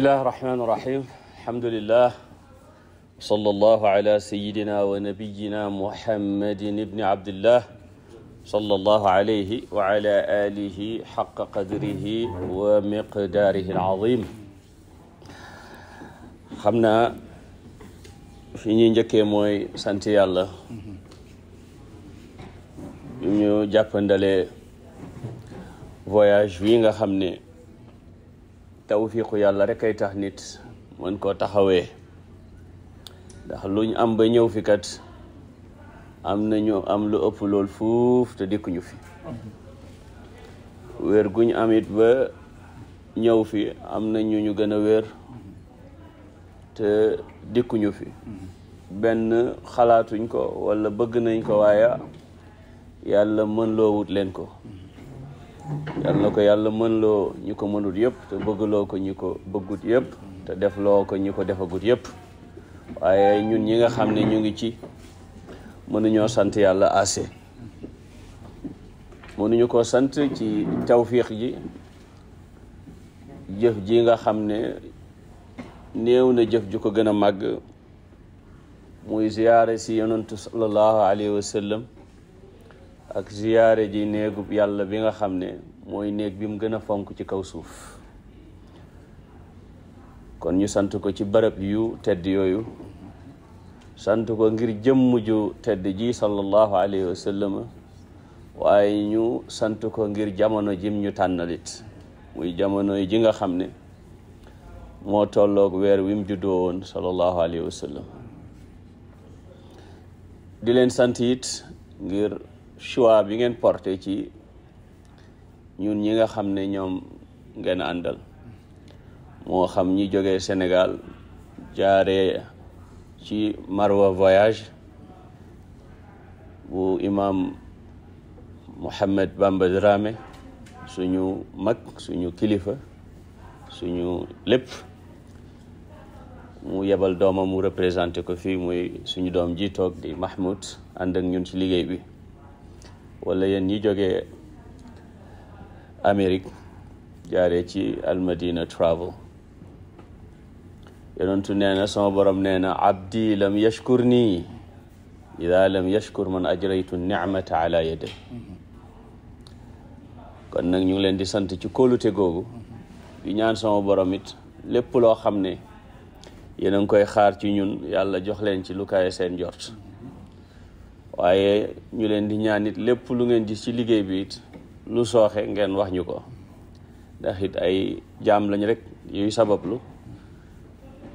bismillahi irrahmani irrahim alhamdulillah wa salla allahu ala sayidina wa nabiyina muhammadin ibni abdillah salla allahu alayhi wa ala alihi xaqa qadrihi wa miqdaarihi alazim xam naa fi ñuy njëkkee mooy sant yàlla ñu jàppandale voyage wi nga xam ne tawfiiqu yàlla rekk ay tax nit mën koo taxawee ndax luñ am ba ñëw fi kat am nañu am lu ëpp lool fuuf te dikkuñu fi wér guñ am it ba ñëw fi am na ñu gën a wér te dikkuñu fi benn xalaatuñ ko walla bëgg nañ ko waaye yàlla mën loo wut leen ko yal na ko yàlla mën loo ñu ko mënut yëpp te bëggloo ko ñu ko bëggut yëpp te def loo ko ñu ko defagut yëpp waaye ñun ñi nga xam ne ñu ngi ci mënuñoo sant yàlla assez mënuñu ko sant ci tawfiix ji jëf ji nga xam ne new na jëf ju ko gën a màgg muy ziyaare si yonantu sallallahu alayhi wa ak ziyaare ji néegub yàlla bi nga xam ne mooy néeg bi mu gën a fonk ci kaw suuf kon ñu sant ko ci barab yu tedd yooyu sant ko ngir jëmm tedd ji sallallahu alayhi wa sallam waaye ñu sant ko ngir jamono jim ñu tànnalit muy jamono ji nga xam ne moo tollook weer wim mu juddoo woon sallallahu alayhi wa di leen sant ngir choix bi ngeen porté ci ñun ñi nga xam ne ñoom ngeen àndal moo xam ñi jógee Sénégal jaaree ci Marwa voyage bu imam Mohammed Bamba Dramé suñu mag suñu kilifa suñu lépp mu yebal doomam mu représenté ko fii mooy suñu doom ji toog di Mahmoud ànd ñun ci liggéey bi wala yéen ñi joge Amérique jaaree ci almadina travel yonentu nee na sama borom nee na abdi lam yashkur nii ida lam yashkur man ajraytu nicmata ala yade kon nag ñu ngi leen di sant ci kóolute googu di ñaan sama borom it lépp loo xam ne yéen a ngi koy xaar ci ñun yàlla jox leen ci lu seen jort waaye ñu leen di ñaan it lépp lu ngeen gis ci liggéey bi it lu sooxe ngeen wax ñu ko ndax it ay jaam lañ rek yuy sabablu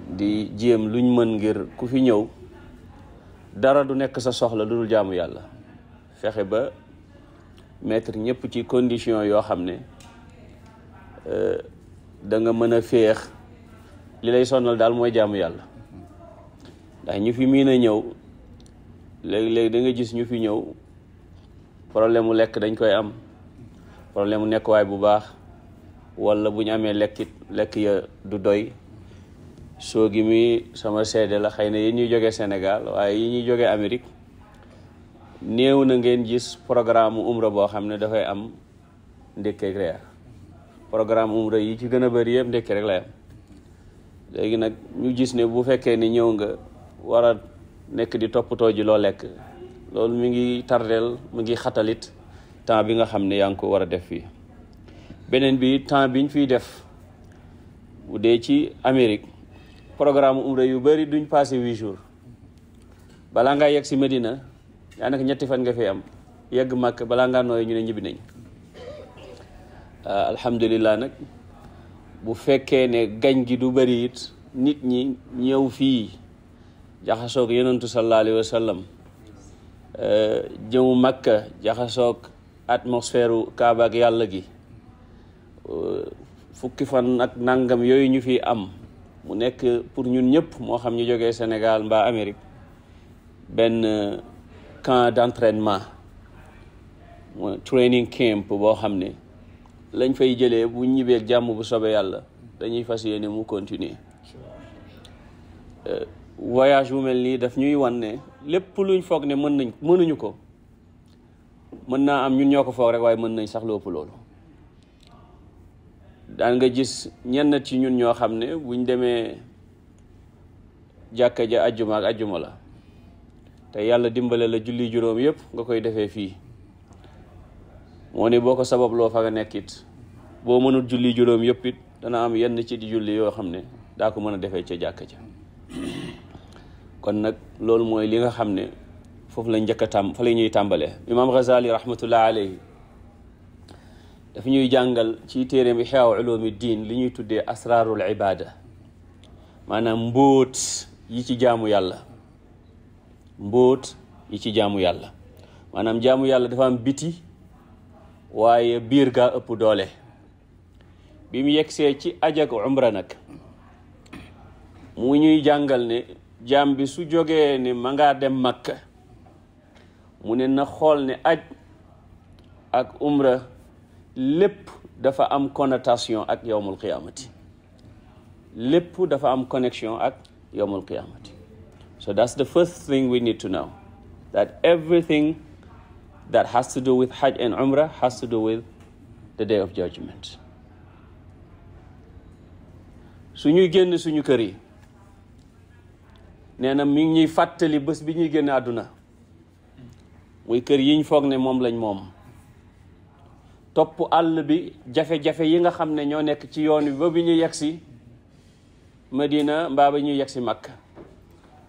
di jéem luñ mën ngir ku fi ñëw dara du nekk sa soxla lu dul jaamu yàlla fexe ba mettre ñëpp ci condition yoo xam ne euh, da nga mën a féex li lay sonnal daal mooy jaamu yàlla ndax ñu fi miin a ñëw léegi-léegi da gis ñu fi ñëw problème mu lekk dañ koy am problème mu nekkuwaay bu baax walla buñ amee lekkit lekk ya du doy soo gi mi sama seede la xëy na yi ñuy joge Sénégal waaye yi ñuy jógee Amérique néew na ngeen gis programme umra boo xam ne dafay am ndékkeeg reer programme umra yi ci gën a bari yëpp ndékki rek lay léegi nag ñu gis ne bu fekkee ni ñëw nga war nekk di toppatoo ji loo lekk loolu mi ngi tardeel mu ngi xatalit temps bi nga xam ne yaa ngi ko war a def fii beneen bi temps bi biñ fiy def bu dee ci amerique programme umra yu bëri duñ passé huit jours balaa ngaa yegg si Medina daanaka ñetti fan nga fi am yegg màkk balaa ngaa nooy ñu ne ñibbi nañ ah, alhamdulilah nag bu fekkee ne gañ gi du bëri it nit ñi ñëw fii jaxasoog yonentu sallallahu alayhi wa sallam eh, jëmu makka jaxasoog atmosphère kaaba yàlla gi eh, fukki fan nag nangam yooyu ñu fi am mu nekk pour ñun ñëpp moo xam ñu jógee Sénégal mbaa Amérique benn eh, camp d'entraînement training camp boo xam ne lañ fay jëlee bu ñibbee jàmm bu sobee yàlla dañuy fas yéene mu continuer voyage wu mel nii daf ñuy wan ne lépp luñ foog ne mën nañ mënuñu ko mën naa am ñun ñoo ko foog rek waaye mën nañ sax lu ëpp daan nga gis ñenn ci ñun ñoo xam ne buñ demee jàkka ja ajjuma ak ajjuma la te yàlla dimbale la julli juróom yëpp nga koy defee fii moo ne boo ko sabab loo fa nga nekk it boo mënul julli juróom yëpp it dana am yenn ci julli yoo xam ne daa ko mën a defee ca jàkka ja kon nag loolu mooy li nga xam ne foofu la njëkk a tàm fa la ñuy tàmbalee imaam Ghazali rahmatullah alayhi dafa ñuy jàngal ci téere bi Ihyaa Ulumi Diin li ñuy tuddee asraarul ibaada maanaam mbóot yi ci jaamu yàlla mbóot yi ci jaamu yàlla maanaam jaamu yàlla dafa am biti waaye biir gaa ëpp doole bi mu see ci aj ak nag mu ñuy jàngal ne jaam bi su jogee ne ma dem Makka mu ne na xool ne aj ak umra lépp dafa am connotation ak yowmul qiyaamati lépp dafa am connexion ak yowmul qiyaamati so that's the first thing we need to know that everything that has to do with hajj and umrah has to do with the day of judgment suñuy génn suñu kër yi nee na mi ngi ñuy fàttali bés bi ñuy génn àdduna muy kër yiñ foog ne moom lañ moom topp àll bi jafe-jafe yi nga xam ne ñoo nekk ci yoon wi ba bi ñuy yegsi Madina mbaa ba ñuy yegsi mag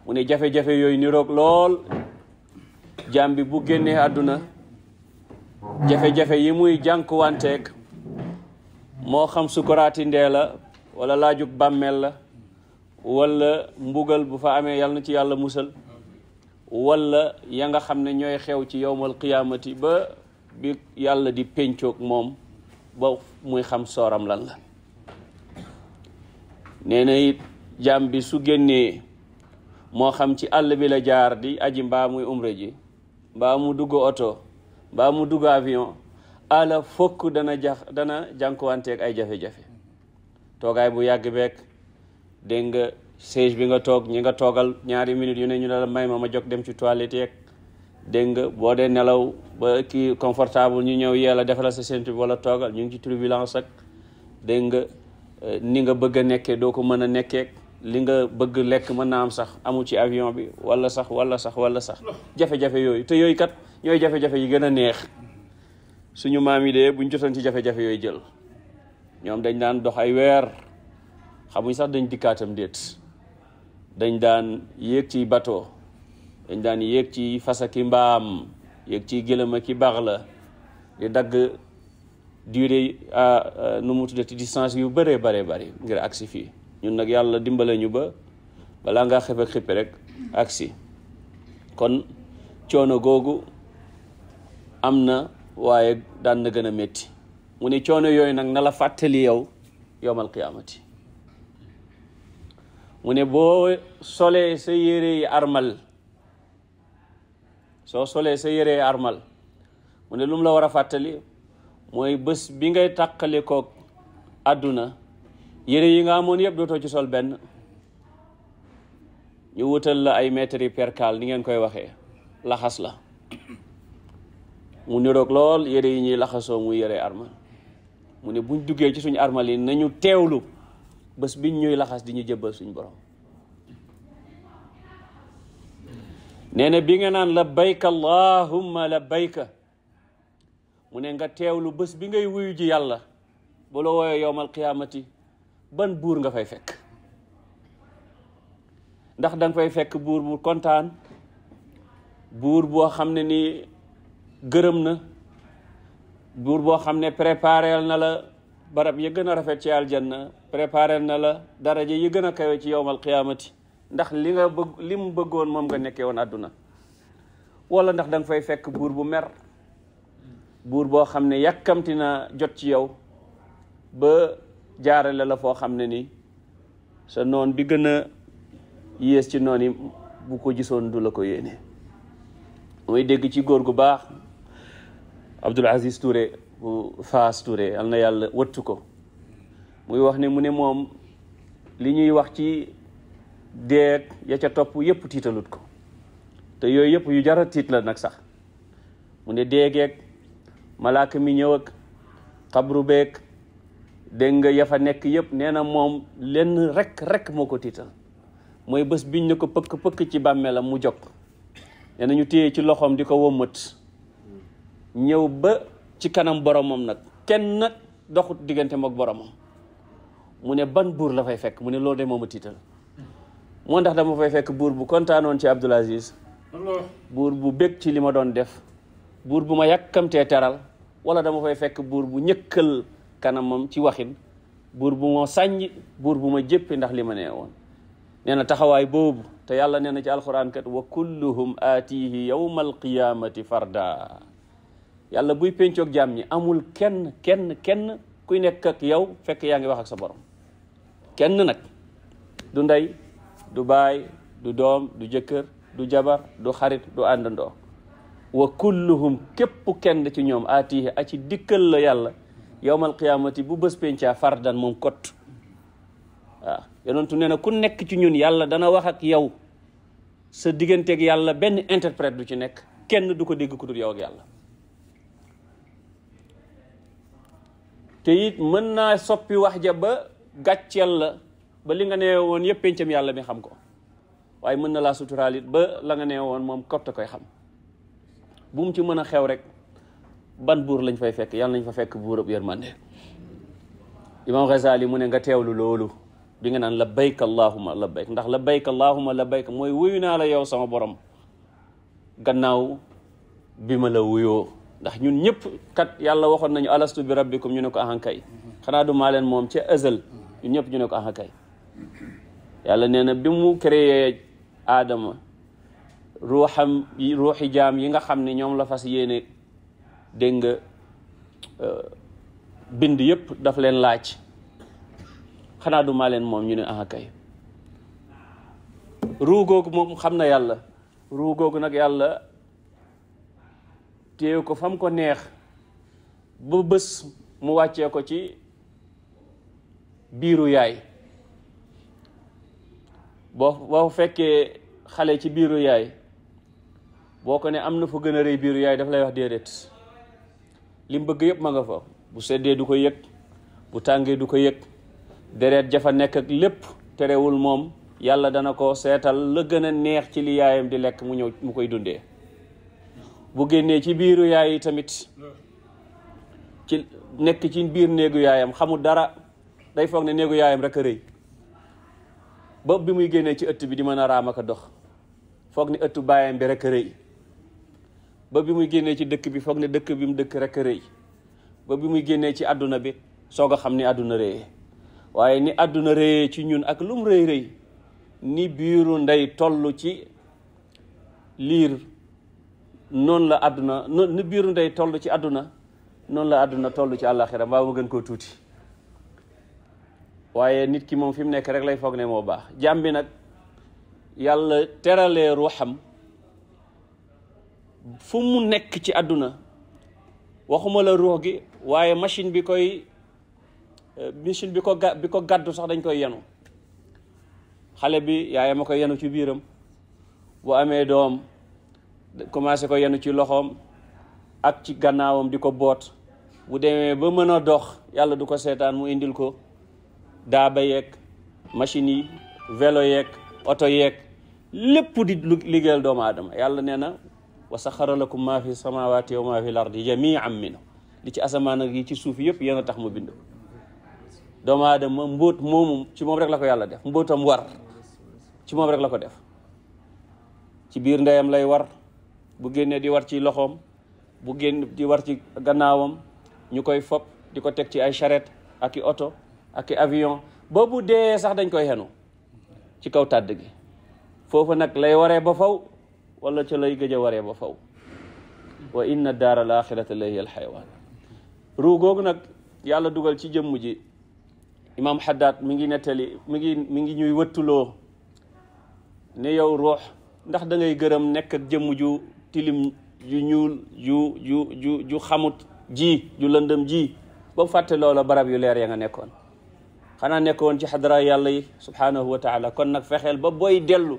mu ne jafe-jafe yooyu niroog lool jaam bi bu génnee àdduna jafe-jafe yi muy wanteek moo xam sukuraati ndee la wala laaju bàmmeel la walla mbugal bu fa amee yàlla na ci yàlla musal walla ya nga xam ne ñooy xew ci yowmal qiyaamati ba bi yàlla di péncoog moom ba muy xam sooram lan la nee na it jaam bi su génnee moo xam ci àll bi la jaar di aji mbaa muy umra ji mbaa mu dugg oto mbaa mu dugg avion ala fokk dana jax dana jànkuwanteeg ay jafe-jafe toogaay bu yàgg beek dégg nga siège bi nga toog ñi nga toogal ñaari minutes yu ne ñu ne la may ma ma jóg dem ci toilette yeeg dégg nga boo dee nelaw ba kii confortable ñu ñëw yee la defaral sa ceinture bi wala toogal ñu ngi ci turbulence ak dégg nga euh, ni nga bëgg a nekkee doo ko mën a nekkee li nga bëgg lekk mën naa am sax amu ci avion bi wala sax wala sax wala sax jafe-jafe yooyu te yooyu kat ñooy jafe yi gën a neex suñu maam yi dee buñ jotoon ci jafe-jafe yooyu jël ñoom dañ daan dox ay weer xamuñ sax dañ dikkaatam déet dañ daan yéeg ci bato dañ daan yéeg ci fasaki mbaam yéeg ci gëlëm ki baax la di dagg durée ah, ah, nu mu ci distance yu bëree bare bëri ngir agsi fii ñun nag yàlla dimbale ñu ba balaa ngaa xëpp xippi rek kon coono googu am na waaye daan na gën a métti mu ne coono yooyu nag na la fàttali yow yowmal qiyaamati mu ne boo solee sa yére yi armal soo solee sa yére yi armal mu ne lu la war a fàttali mooy bés bi ngay tàqale koog àdduna yére yi nga amoon yëpp dootoo ci sol benn ñu wutal la ay mètres yi percal ni ngeen koy waxee laxas la mu niroog lool yére yi ñuy laxasoo muy yére armal mu ne buñ duggee ci suñu armal nañu teewlu bës bi ñuy laxas di ñu jëbbal suñ borom nee bi nga naan labbayka allahumma bayka mu ne nga teew lu bës bi ngay wuyu ji yàlla bu la wooyee yowmal qiyaamati ban buur nga fay fekk ndax da fay fekk buur bu kontaan buur boo xam ne ni gërëm na buur boo xam ne préparel na la barab yi gën a rafet ci aljan na préparé na la daraja yi gën a kawe ci yowmal qiyaamati ndax li nga bëgg li mu bëggoon moom nga nekkee woon àdduna wala ndax da fay fekk buur bu mer buur boo xam ne yàkkamti na jot ci yow ba jaarale la foo xam ne ni sa noon bi gën a yées ci noon yi bu ko gisoon du la ko yéene mooy dégg ci góor gu baax Abdoul Aziz Touré Faas fasture yal na yàlla wëttu ko muy wax ne mu ne moom li ñuy wax ci deeg ya ca topp yëpp tiitalut ko te yooyu yëpp yu jara tiit la nag sax mu ne deegeeg malaaka mi ñëw ak xabru beeg dégg nga ya fa nekk yëpp nee na moom lenn rek rekk moo ko tiital mooy bés biñ ne ko pëkk pëkk ci bàmmeelam mu jog nee na ñu téye ci loxoom di ko wëmmat ñëw ba ci kanam boromam nag kenn doxut diggante ak boromam mu ne ban buur la fay fekk mu ne loolu de moom a tiital moo ndax dama fay fekk buur bu kontaanoon ci Abdul Aziz buur bu bég ci li ma doon def buur bu ma yàkkamtee teral wala dama fay fekk buur bu ñëkkal kanamam ci waxin buur bu ma sàññ buur bu ma jéppi ndax li ma nee woon nee na taxawaay boobu te yàlla nee na ci alxuraan kat wa kulluhum aatihi yawma alqiyamati farda yàlla buy pencoog jaam ñi amul kenn kenn kenn kuy nekk ak yow fekk yaa ngi wax ak sa borom kenn nag du ndey du baay du doom du jëkkër du jabar du xarit du àndandoo wa kulluhum képp kenn ci ñoom aatihi a ci dikkal la yàlla yowmal qiyaamati bu bés pencaa fardan moom kot waaw yonentu nee na ku nekk ci ñun yàlla dana wax ak yow sa digganteeg yàlla benn interprète du ci nekk kenn du ko dégg ku dul yow ak yàlla te it mën naa soppi wax ja ba gàcceel la ba li nga nee woon yëpp pencam yàlla mi xam ko waaye mën na laa suturaalit ba la nga nee woon moom kotta koy xam bu mu ci mën a xew rek ban buur lañ fay fekk yàlla nañ fa fekk buur buurab yërmande imam Ghazali mu ne nga teew lu loolu bi nga naan labbayk allahumma labbayk ndax labbayk allahumma labbayk mooy wuyu naa la yow sama borom gannaaw bi ma la wuyoo ndax ñun ñëpp kat yàlla waxoon nañu alastu bi rabbikum ñu ne ko ahankay xanaa du maa leen moom ca azal ñun ñëpp ñu ne ko ahankay yàlla nee na bi mu créé aadama ruuxam ruuxi jaam yi nga xam ne ñoom la fas yéene dégg nga euh, bind yëpp daf leen laaj xanaa du maa leen moom ñu ne ahankay ruu googu moom xam na yàlla ruu nag yàlla téew ko fam ko neex ba bés mu wàccee ko ci biiru yaay boo boo fekkee xale ci biiru yaay boo ko ne am na fu gën a rëy biiru yaay daf lay wax déedéet li bëgg yëpp ma fa bu seddee du ko yëg bu tàngee du ko yëg deret jafa nekk ak lépp terewul moom yàlla dana ko seetal la gën a neex ci li yaayam di lekk mu ñëw mu koy dundee bu génnee ci biiru yaay yi tamit ci nekk ci biir néegu yaayam xamul dara day foog ne néegu yaayam rek a rëy ba bi muy génnee ci ëtt bi di mën a raam ak a dox foog ne ëttu baayam bi rek ba bi muy génnee ci dëkk bi foog ne dëkk bi mu dëkk rek a rëy ba bi muy génnee ci àdduna bi soog a xam ni àdduna rëyee waaye ni àdduna rëyee ci ñun ak lum rëy rëy ni biiru ndey toll ci liir noonu la àdduna ni biiru ndey toll ci àdduna noonu la àdduna toll ci àllaaxira baa mu gën koo tuuti waaye nit ki moom fi mu nekk rek lay foog ne moo baax jàmm nag yàlla teralee ruuxam fu mu nekk ci àdduna waxuma la ruux gi waaye machine bi koy eh, machine bi ko ga gàddu sax dañ koy yenu xale bi yaayam a koy yenu ci biiram bu amee doom commencé ko yenu ci loxoom ak ci gannaawam di ko boot bu demee ba mën a dox yàlla du ko seetaan mu indil ko daaba yeeg machine yi velo yeeg oto yeeg lépp di liggéeyal doomu aadama yàlla nee na wa saxara lakum maa fi samawaati wa maa fi l ardi jamian minhu li ci asamaan ak yi ci suuf yëpp yéen a tax mu bindu doomu aadama mbóot moomu ci moom rek la ko yàlla def mbóotam war ci moom rek la ko def ci biir ndeyam lay war bu génnee di war ci loxoom bu génn di war ci gannaawam ñu koy fopp di ko teg ci ay charrette ak i oto ak i avion ba bu dee sax dañ koy xenu ci kaw tàdd gi foofu nag lay waree ba faw wala ca lay gëj a waree ba faw wa inna daara al axirata la hiya al xayawaan nag yàlla dugal ci jëmm ji imaam Haddad mi ngi nettali mi ngi mi ngi ñuy wëttuloo ne yow ruux ndax dangay gërëm nekk jëmm ju tilim ju ñuul ju ju ju ju xamut ji ju lëndëm ji ba fàtte loola barab yu leer ya nga nekkoon xanaa nekkoon ci xadara yàlla yi subhaanahu wa taala kon nag fexeel ba booy dellu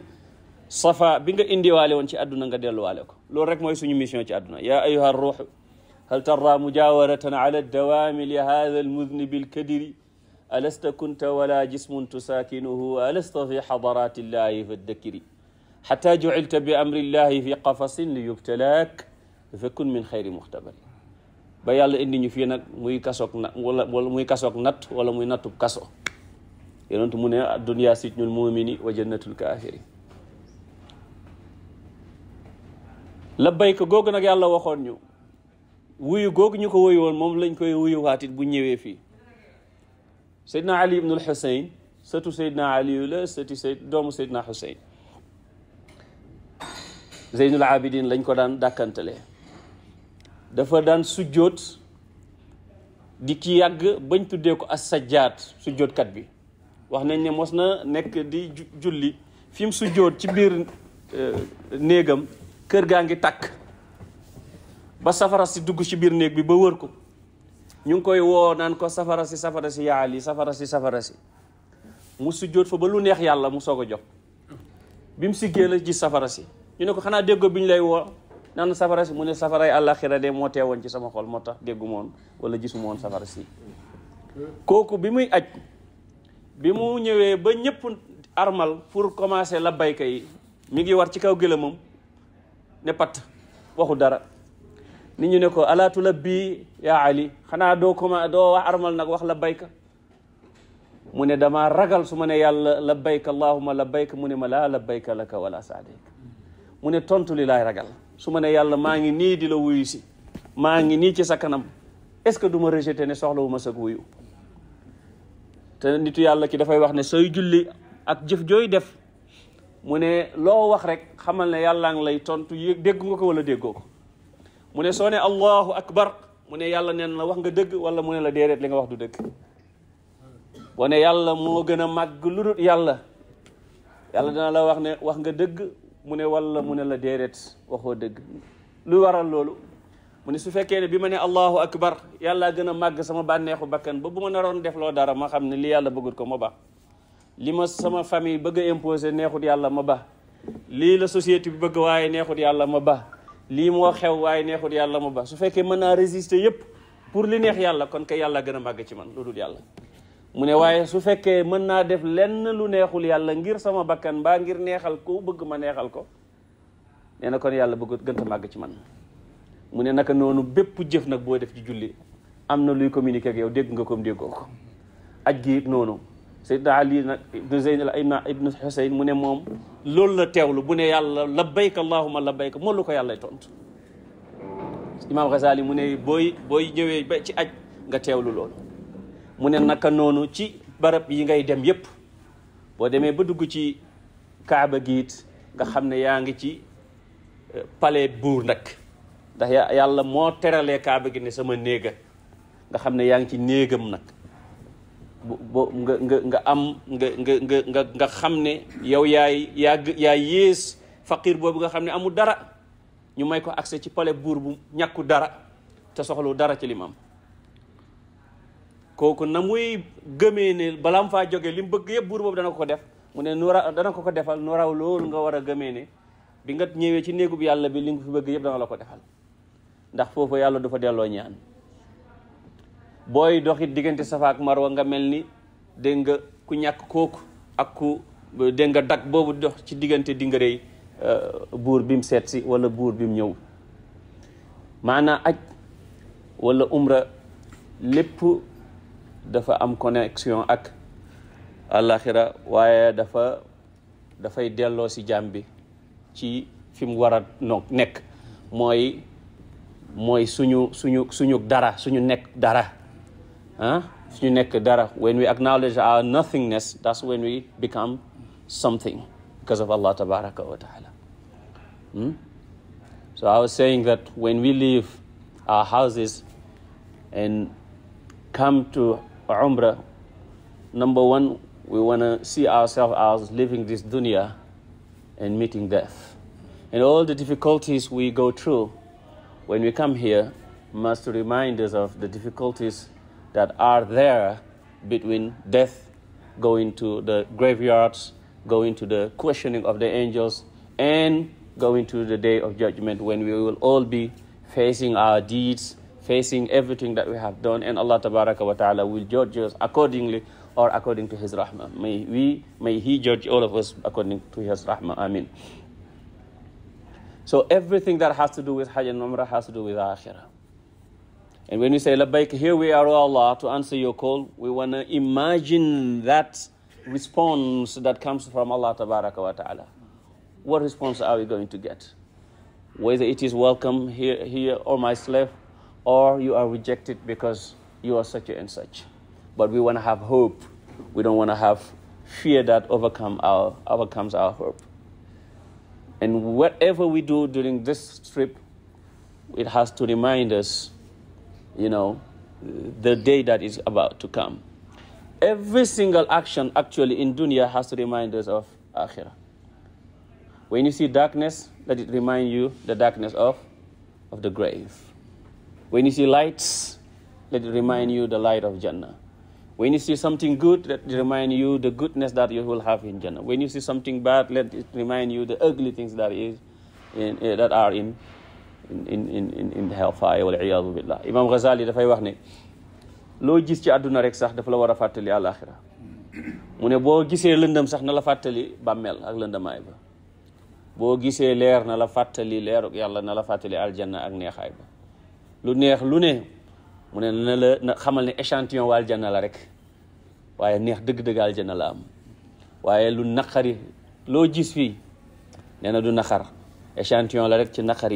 safa bi nga indiwaale woon ci àdduna nga delluwaale ko loolu rek mooy suñu mission ci àdduna yaa ayuha ruuxu hal tarra mujawaratan ala dawaami li hada almudnibi alkadiri alasta kunta wala jismun tusakinuhu alasta fi xadarati llahi faddakiri xata jucilta bi amrillahi fi qafasin li yubtalaak fakun min xayri muxtabari ba yàlla indi ñu fii nag muy kasoog na wala wala muy kasoog natt wala muy nattub kaso yonent mu ne addunya sijnul mumini wa jannatul kaafiri labbayka googu nag yàlla waxoon ñu wuyu googu ñu ko wuyu woon moom lañ koy wuyu waatit bu ñëwee fii seydna ali ibnul xusayn sëtu seydna aliyu la sëti seyd doomu seydna xusayn zeynul abidin lañ ko daan dàkkantale dafa daan sujjóot di ki yàgg bañ tuddee ko as sajjaat sujjóotkat bi wax nañ ne mos na nekk di julli fim mu sujjóot ci biir euh, néegam kër gaa ngi takk ba safara si dugg ci biir néeg bi ba wër ko ñu ngi koy woo naan ko safara si safara si yaa safara si safara si mu sujjóot fa ba lu neex yàlla mu soog a jox bi mu siggee la gis safara si ñu ne ko xanaa déggoo bi ñu lay woo naan safara si mu ne safaray àllaaxira de moo teewoon ci sama xol moo tax déggu moon wala gisu moon safara si kooku bi muy aj bi mu ñëwee ba ñëpp armal pour commencer la bayka yi mu ngi war ci kaw gëlëmam ne patt waxu dara ni ñu ne ko alaatu la bii yaa ali xanaa doo commencé doo wax armal nag wax la bayka mu ne damaa ragal su ma ne yàlla la bayka allahuma la bayka mu ne ma laa la bayka laka wala saadayka mu ne tontu li laay ragal su ma ne yàlla maa ngi nii di la wuyu si maa ngi nii ci sa kanam est-ce que du ma rejeté ne soxlawu ma sag wuyu te nitu yàlla ki dafay wax ne sooy julli ak jëf jooy def mu ne loo wax rek xamal ne yàllaa ngi lay tontu yéeg dégg nga ko wala déggoo ko mu ne soo ne allahu akbar mu ne yàlla neen la wax nga dëgg wala mu ne la déedéet li nga wax du dëgg boo ne yàlla moo gën a màgg lu yàlla yàlla dina la wax ne wax nga dëgg mu ne walla mu ne la deret waxoo dëgg lu waral loolu mu ne su fekkee ne bi ma ne allahu akbar yàllaa gën a màgg sama bànneexu bàkkan ba bu ma naroon def loo dara ma xam ne li yàlla bëggut ko ma ba li ma sama famille bëgg a imposer neexut yàlla ma ba lii la societé bi bëgg waaye neexut yàlla ma ba lii moo xew waaye neexut yàlla ma ba su fekkee mën naa résister yépp pour li neex yàlla kon kay yàlla gën a màgg ci man lu dul yàlla mu ne waaye su fekkee mën naa def lenn lu neexul yàlla ngir sama bakkan mbaa ngir neexal ko bëgg ma neexal ko nee na kon yàlla bëgg gënta màgg ci man mu ne naka noonu bépp jëf nag boo def ci julli am na luy communiquer ak yow dégg nga comme déggoo ko aj gi it noonu Seydina Ali nag ibnu Zeyn al ibna ibnu Xuseyn mu ne moom loolu la teewlu bu ne yàlla labbayka allahumma labbayka moom lu ko yàllay tontu Imaam Ghazali mu ne booy booy ñëwee ba ci aj nga teewlu lool mu ne naka noonu ci barab yi ngay dem yépp boo demee ba dugg ci kaaba giit nga xam ne yaa ngi ci euh, pale buur nag ndax yàlla moo teralee kaaba gi ne sama néega nga xam ne yaa ngi ci néegam nag bo nga am nga nga nga xam ne yow yaay yaa yaay yées faqir boobu nga xam ne amul dara ñu may ko accès ci pale buur bu ñàkku dara te soxlu dara ci lim am kooku na muy gëmee ne balaa mu faa jóge li mu bëgg yëpp buur boobu dana ko ko def mu ne nu a dana ko ko defal nu raw loolu nga war a gëmee ne bi nga ñëwee ci néegub yàlla bi li nga fi bëgg yëpp dana la ko defal ndax foofu yàlla du fa delloo ñaan booy doxit diggante safa mar marwa nga mel ni dégg nga ku ñàkk kooku ak ku dégg nga dag boobu dox ci diggante dingërëy euh, buur bi mu seet si wala buur bi mu ñëw maanaa aj wala umra lépp dafa am connexion ak àllaaxira waaye dafa dafay delloo si jaam bi ci fi mu war a no nekk mooy suñu suñu suñu dara suñu nekk dara ah suñu nekk dara when we acknowledge our nothingness that's when we become something because of Allah tabaraka wa hmm? so I was saying that when we leave our houses and come to Umrah, number one, we want to see ourselves as leaving this dunya and meeting death. And all the difficulties we go through when we come here must remind us of the difficulties that are there between death, going to the graveyards, going to the questioning of the angels, and going to the day of judgment when we will all be facing our deeds facing everything that we have done and Allah tabaraka wa ta'ala will judge us accordingly or according to his rahmah may we may he judge all of us according to his rahmah amin so everything that has to do with hajj and umrah has to do with akhirah and when we say labbaik here we are O Allah to answer your call we want to imagine that response that comes from Allah tabaraka wa ta'ala what response are we going to get whether it is welcome here here or my slave or you are rejected because you are such and such. But we want to have hope. We don't want to have fear that overcome our, overcomes our hope. And whatever we do during this trip, it has to remind us, you know, the day that is about to come. Every single action actually in dunya has to remind us of akhirah. When you see darkness, let it remind you the darkness of, of the grave. When you see lights, let it remind you the light of Jannah. When you see something good, let it remind you the goodness that you will have in Jannah. When you see something bad, let it remind you the ugly things that is in, uh, that are in in in in in, in hellfire wal iyaadu billah. Imam Ghazali dafay wax ne loo gis ci àdduna rek sax dafa la war a fàttali àlaxira mu ne boo gisee lëndëm sax na la fàttali bàmmeel ak lëndëmaay ba boo gisee leer na la fàttali leeruk yàlla na la fàttali aljanna ak neexaay ba lu neex lu ne mu ne na la na xamal ne échantillon waa aljanna la rek waaye neex dëgg-dëgg aljanna la am waaye lu naqari loo gis fii nee na du naxar échantillon la rek ci naqar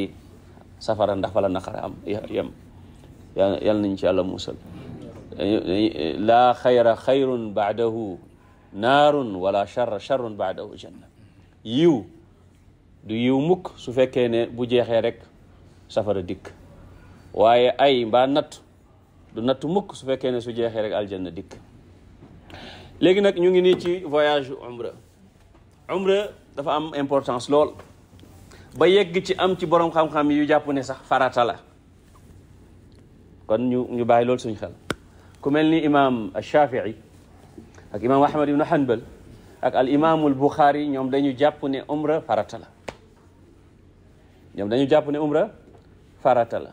safara ndax fa la naqar am yem yal nañ ci yàlla musal laa xayra xayrun baadahu naarun wala charra charrun baadahu janna yiw du yiw mukk su fekkee ne bu jeexee rek safara dikk waaye ay mbaa natt du natt mukk su fekkee ne su jeexee rek aljanna dikk léegi nag ñu ngi nii ci voyage umra umra dafa am importance lool ba yegg ci am ci boroom xam-xam yu jàpp ne sax farata la kon ñu ñu bàyyi loolu suñ xel ku mel ni imam Shafii ak imam Ahmad ibn Hanbal ak al imaamul Buxaari ñoom dañu jàpp ne umra farata ñoom dañu jàpp ne umra farata la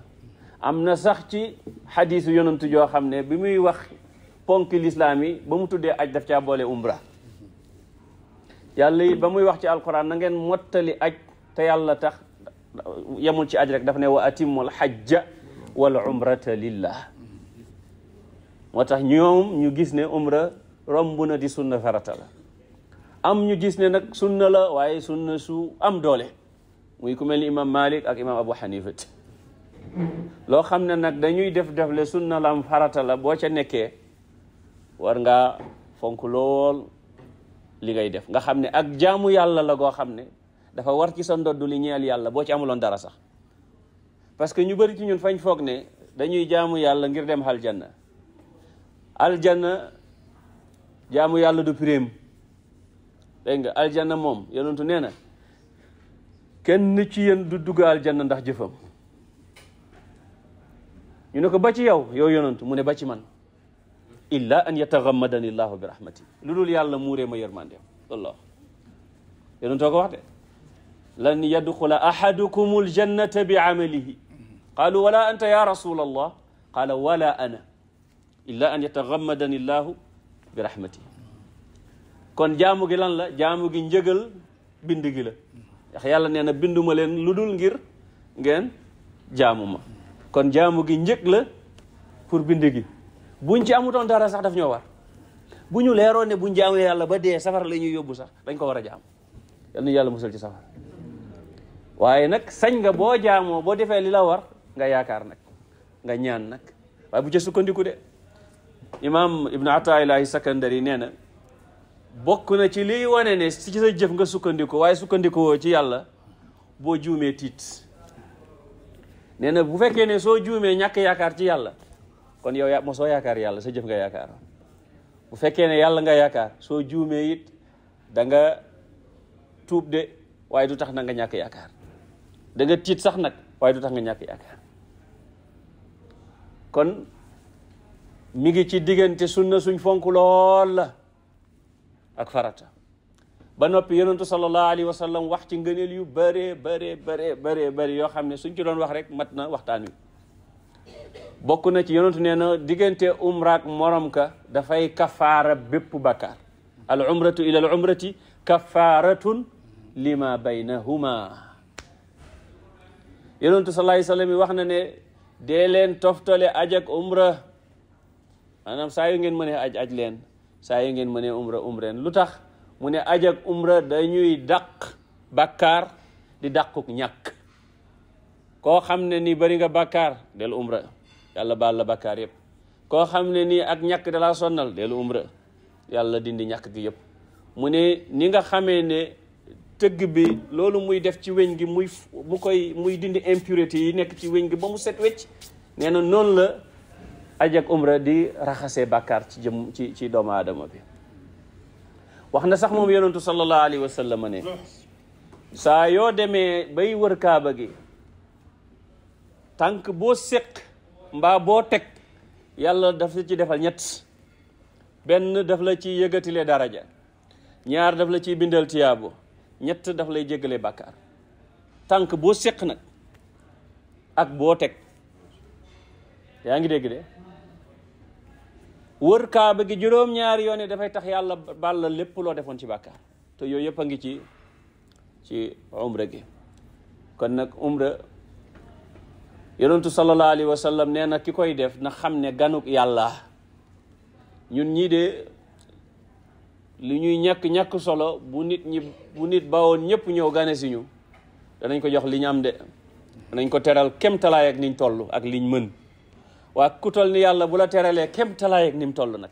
am na sax ci xadiisu yonantu joo xam ne bi muy wax ponk lislaam yi ba mu tuddee aj daf caa boole umra yàlla it ba muy wax ci alquran na ngeen mottali aj te yàlla tax yamul ci aj rek daf ne wa atimul xajja wal umrata lillah moo tax ñoom ñu gis ne umra romb na di sunna farata am ñu gis ne nag sunna la waaye sunna su am doole muy ku mel ni imam ak imam abu xanifa Mm-hmm. loo xam ne nag dañuy def def le sunna lam farata la boo ca nekkee war ngaa fonk lool li ngay def nga xam ne ak jaamu yàlla la goo xam ne dafa war ci sa ndodd li ñeel yàlla boo ci amuloon dara sax parce que ñu bari ci ñun fañ foog ne dañuy jaamu yàlla ngir dem aljanna aljanna jaamu yàlla du prime dégg nga aljanna moom yonentu nee na kenn ci yéen du dugg aljanna ndax jëfam ñu ne ko ba ci yow yow yonantu mu ne ba ci man illa an yataxammadani llahu bi rahmati lu dul yàlla muuree ma yërmandeem wallah yonantoo ko wax de lan yadxula ahadukum aljannata bi amalihi qaalu wala anta ya rasul allah qaala wala ana illa an yataxammadani llahu bi rahmati kon jaamu gi lan la jaamu gi njëgal bind gi la ndax yàlla nee na binduma leen lu dul ngir ngeen jaamu ma kon jaamu gi njëkk la pour bind gi buñ ci amutoon dara sax daf ñoo war bu ñu leeroon ne buñ jaamu yàlla ba dee safar la ñuy yóbbu sax dañ ko war a jaam yal na yàlla musal ci safara waaye nag sañ nga boo jaamoo boo defee li la war nga yaakaar nag nga ñaan nag waaye bu ca sukkandiku de imaam ibnu atailahi sakandari nee na bokk na ci liy wane ne ci sa jëf nga sukkandiku waaye sukkandikuwoo ci yàlla boo juumee tiit nee na bu fekkee ne soo juumee ñàkk yaakaar ci yàlla kon yow yaa mosoo yaakaar yàlla sa jëf nga yaakaar bu fekkee ne yàlla nga yaakaar soo juumee it danga nga tuub de waaye du tax na nga ñàkk yaakaar danga tiit sax nag waaye du tax nga ñàkk yaakaar kon mi ngi ci diggante sunna suñ fonk lool la ak farata ba noppi yonentu sallallahu alayhi wa sallam wax ci ngëneel yu bëree bëree bëree yoo xam ne suñ ci doon wax rek mat na waxtaan wi bokk na ci yonentu nee na diggante umraak morom ka dafay kafaara bépp bakkaar al umratu ila al umrati kafaaratun lima baynahuma yonentu sallallahu alayhi wa sallam wax na ne dee leen toftale aj ak umra saa yu ngeen mënee aj aj leen saa yu ngeen mënee umra umreen lu tax mu ne aj ak umra dañuy dàq bàkkaar di dàquk ñàkk koo xam ne ni bari nga bàkkaar del umra yàlla baal la bàkkaar yëpp koo xam ne nii ak ñàkk dalaa sonnal del umra yàlla dindi ñàkk gi yëpp mu ne ni nga xamee ne tëgg bi loolu muy def ci weñ gi muy mu koy muy dindi impureté yi nekk ci weñ gi ba mu set wecc nee na noonu la aj ak umra di raxasee bàkkaar ci jëm ci ci doomu aadama bi wax na sax moom yonentu sallallahu alayhi wa sallam ne saa yoo demee bay wër kaaba gi tànk boo séq mbaa boo teg yàlla daf la ci defal ñett benn daf la ci yëgatile daraja ñaar daf la ciy bindal tiyaabo ñett daf lay jéggale bàkkaar tànk boo séq nag ak boo teg yaa ngi dégg de wër kaaba gi juróom-ñaari yoon yi dafay tax yàlla baal lépp loo defoon ci bàkkaar te yooyu yëpp a ngi ci ci umra gi kon nag umra yonentu sallallahu alayhi wa sallam nee na ki koy def na xam ne ganuk yàlla ñun ñii de li ñuy ñàkk-ñàkk solo bu nit ñi bu nit bawoon ñëpp ñëw gane si ñu danañ ko jox li ñu am de danañ ko teral kemtalaay ak niñ toll ak liñ mën waa ku toll ni yàlla bu la teralee kem talaayeg ni mu toll nag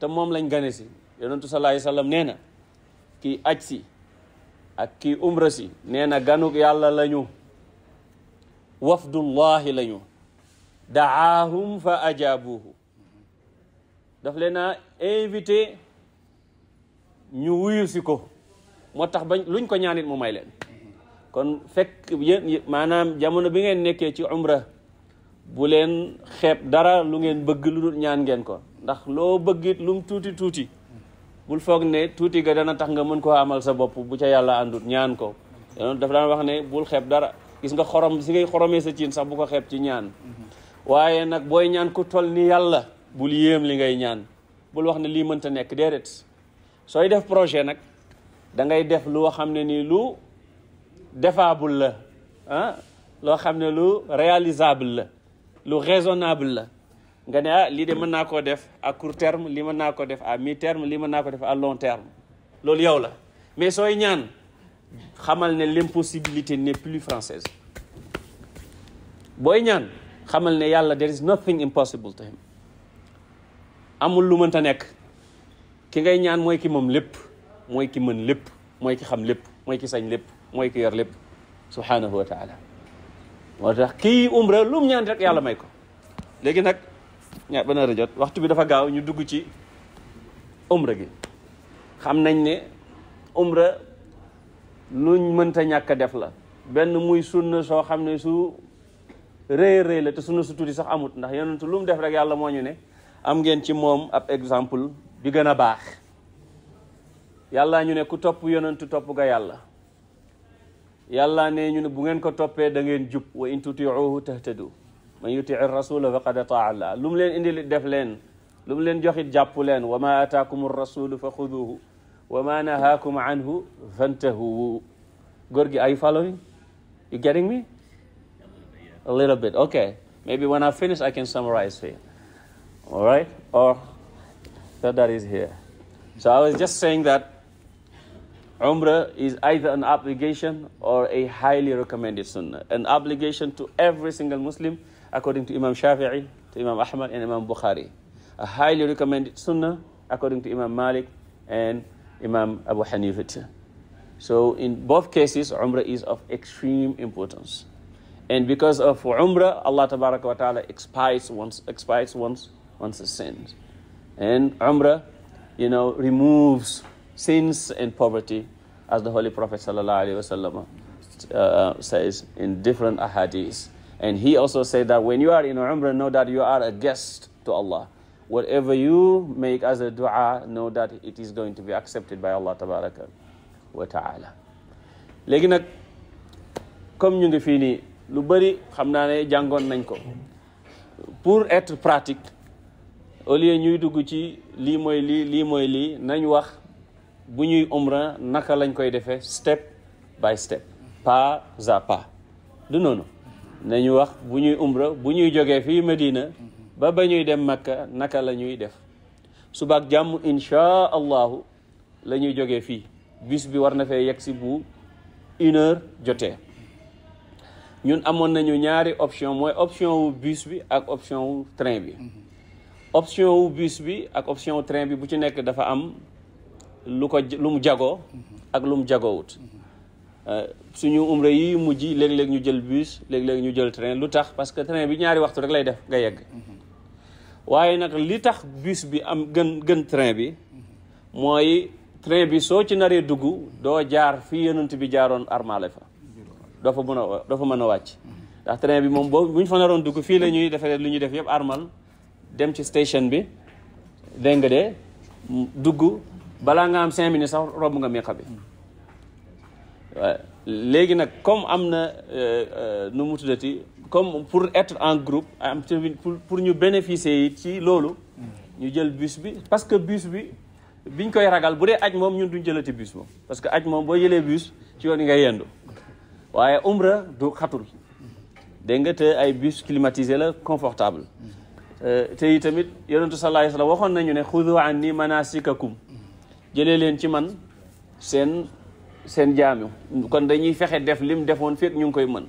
te moom lañ gane si yonentu sallallahu alayhi wasallam nee na ki aj si ak kii umra si nee na ganug yàlla lañu wafdullahi lañu daahum fa ajaabuhu daf leen a invité ñu wuyu si ko moo tax bañ luñ ko ñaanit mu may leen kon fekk yéen maanaam jamono bi ngeen nekkee ci umra bu leen xeeb dara lu ngeen bëgg lu dul ñaan ngeen ko ndax loo bëggit lum tuuti tuuti bul foog ne tuuti ga dana tax nga mën koo amal sa bopp bu ca yàlla àndut ñaan ko dafa daan wax ne bul xeeb dara gis nga xorom si ngay xorome sa ciin sax bu ko xeeb ci ñaan waaye nag booy ñaan ku toll ni yàlla bul yéem li ngay ñaan bul wax ne lii mënta nekk déedéet sooy def projet nag da ngay def loo xam ne nii lu defable la ah loo xam ne lu réalisable la lu raisonnable la nga ne ah lii de mën naa koo def à court terme lii mën naa koo def à mi terme lii mën naa ko def à long terme loolu yow la mais sooy ñaan xamal ne l'impossibilité n'est plus française booy ñaan xamal ne yàlla there is nothing impossible to him amul lu mënta nekk ki ngay ñaan mooy ki moom lépp mooy ki mën lépp mooy ki xam lépp mooy ki sañ lépp mooy ki yor lépp subhanahu wa taala waa tax kii umra lum ñaan rek yàlla may ko léegi nag ña ba nar a jot waxtu bi dafa gaaw ñu dugg ci umra gi xam nañ ne umra luñ mënta ñàkk a def la benn muy sunna soo xam ne su rëy rëy la te sunna su tuuti sax amut ndax yonentu lu mu def rek yàlla moo ñu ne am ngeen ci moom ab exemple bi gën a baax yàlla ñu ne ku topp yonentu topp ga yàlla yàlla ne ñu ne bu ngeen ko toppee da ngeen jub wa in tutiuhu tahtadu man yutii rasula faqad ataa allah lu mu leen indil def leen lu mu leen joxit jàpp leen wa ma ataakum rasulu fa xuduhu wa ma nahaakum anhu fantahu góor gi are you following you getting me a little bit okay maybe when I finish I can summarize for you all right or that that is here so I was just saying that Umrah is either an obligation or a highly recommended sunnah. An obligation to every single Muslim, according to Imam Shafi'i, to Imam Ahmad, and Imam Bukhari. A highly recommended sunnah, according to Imam Malik and Imam Abu Hanifa. So, in both cases, Umrah is of extreme importance. And because of Umrah, Allah Tabaraka wa Ta'ala expiates once, expiates once, once a sin. And Umrah, you know, removes sins and poverty, as the Holy Prophet wasallam, uh, says in different ahadith. And he also said that when you are in Umrah, know that you are a guest to Allah. Whatever you make as a dua, know that it is going to be accepted by Allah tabaraka wa ta'ala. léegi nag comme ñu ngi fii nii lu bëri xam naa ne jàngoon nañ ko pour être pratique au lieu ñuy dugg ci lii mooy lii lii mooy lii nañ wax bu ñuy umra naka lañ koy defee step by step pas à pas du noonu nañu wax bu ñuy umra bu ñuy jógee fii Medina ba ba ñuy dem Makka naka la ñuy def subaak jàmm inchaa allahu la ñuy jógee fii bis bi war na fee yegg si bu une heure jotee ñun amoon nañu ñaari option mooy option wu bus bi ak option wu train bi mm-hmm. option wu bus bi ak option wu train bi bu ci nekk dafa am lu ko lu mu jagoo ak lu mu jagoowut euh, suñu umra yi mujj léeg-léeg ñu jël bus léeg-léeg ñu jël train lu tax parce que train bi ñaari waxtu rek lay def nga yegg waaye nag li tax bus bi am gën gën train bi mooy train bi soo ci naree dugg doo jaar fii yonent bi jaaroon armaale fa doo mën a doo mën a wàcc ndax train bi moom boo bu ñu fa naroon dugg fii la ñuy defee lu ñuy def yëpp armal dem ci station bi dégg nga de dugg balaa nga am cinq minutes sax romb nga miqa bi léegi nag comme am na euh, euh, nu mu tuddati comme pour être en groupe am pour ñu bénéficier yi ci loolu ñu jël bus bi parce que bus bi biñ koy ragal bu dee aj moom ñun duñ jëlati bus moom parce que aj moom boo jëlee bus ci yoon yi nga yendu waaye umra du xatul dégg nga te ay bus climatisé la confortable euh, te yi tamit yonentu sallallahu alayhi wa sallam waxoon nañu ne xudu anni manasikakum jëlee leen ci man seen seen jaam kon dañuy fexe def lim defoon fekk ñu ngi koy mën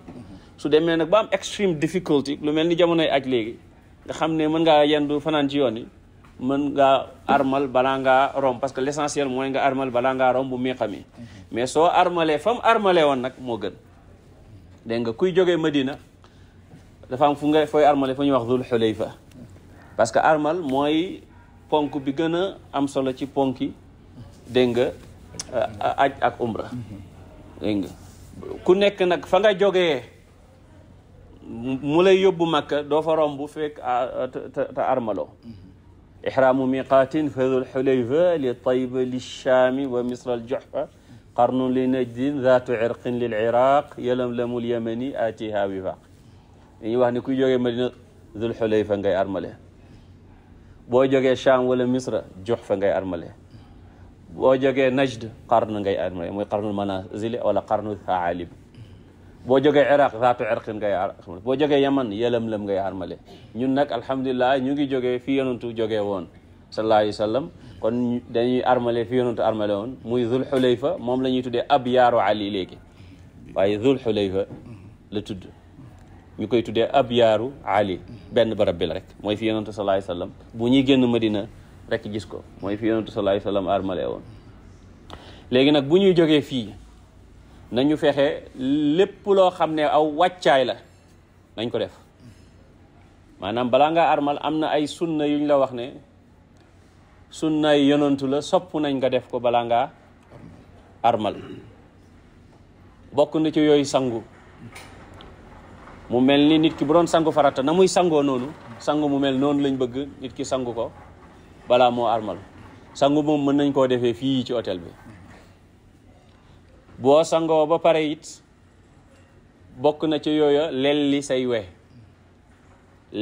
su demee nag ba am extreme difficulty lu mel ni jamonoy aj léegi nga xam ne mën ngaa yendu fanaan ci yoon yi mën nga armal balaa ngaa rom parce que l' essentiel mooy nga armal balaa ngaa rom bu miiqam yi mais soo armalee fa mu armalee woon nag moo gën dégg nga kuy jóge Medina dafa am nga fooy armale fa ñuy wax dul fa parce que armal mooy ponk bi gën a am solo ci ponki dégg nga euh, aj ak umra dégg nga ku nekk nag fa nga jógee mu lay yóbbu makka doo fa romb fekk ah, te armalo ihraamu miqaatin fa dul xulayfa li tayba li shaami wa misra al juhfa qarnun li najdin zaatu irqin lil iraq yelam lamul yamani aatiha wifaq dañuy wax ni kuy jógee madina dul xulayfa ngay armale boo jógee shaam wala misra juhfa ngay armale boo jógee najd qarn ngay admiré mooy qarnul manazili wala qarnu thaalib boo jógee iraq zaatu irqin ngay armale boo jógee yaman yelam-lam ngay armale ñun nag alhamdulilah ñu ngi jógee fi yonantu jógee woon sallallahu alayhi wa kon dañuy armale fi yonantu woon muy zul xulayfa moom la ñuy tuddee ab yaaru ali léegi waaye zul xulayfa la tudd ñu koy tuddee ab yaaru ali benn barab bi la rek mooy fi yonantu sallallahu alayhi wa sallam bu ñuy génn madina rek gis ko mooy fi yonentu sallallahu alayhi wasallam armale woon léegi nag bu ñuy jógee fii nañu fexe lépp loo xam ne aw wàccaay la nañ ko def maanaam balaa nga armal am na ay sunna yuñ la wax ne sun sunnaay yonentu la sopp nañ nga def ko balaa ngaa armal bokk na ci yooyu sangu mu mel ni nit ki bu doon sangu farata na muy sangoo noonu sangu mu mel noonu lañ bëgg nit ki sangu ko balaa moo armal sangu moom mën nañ koo defee fii ci hôtel bi boo sangoo ba pare it bokk na ca yooya lelli say we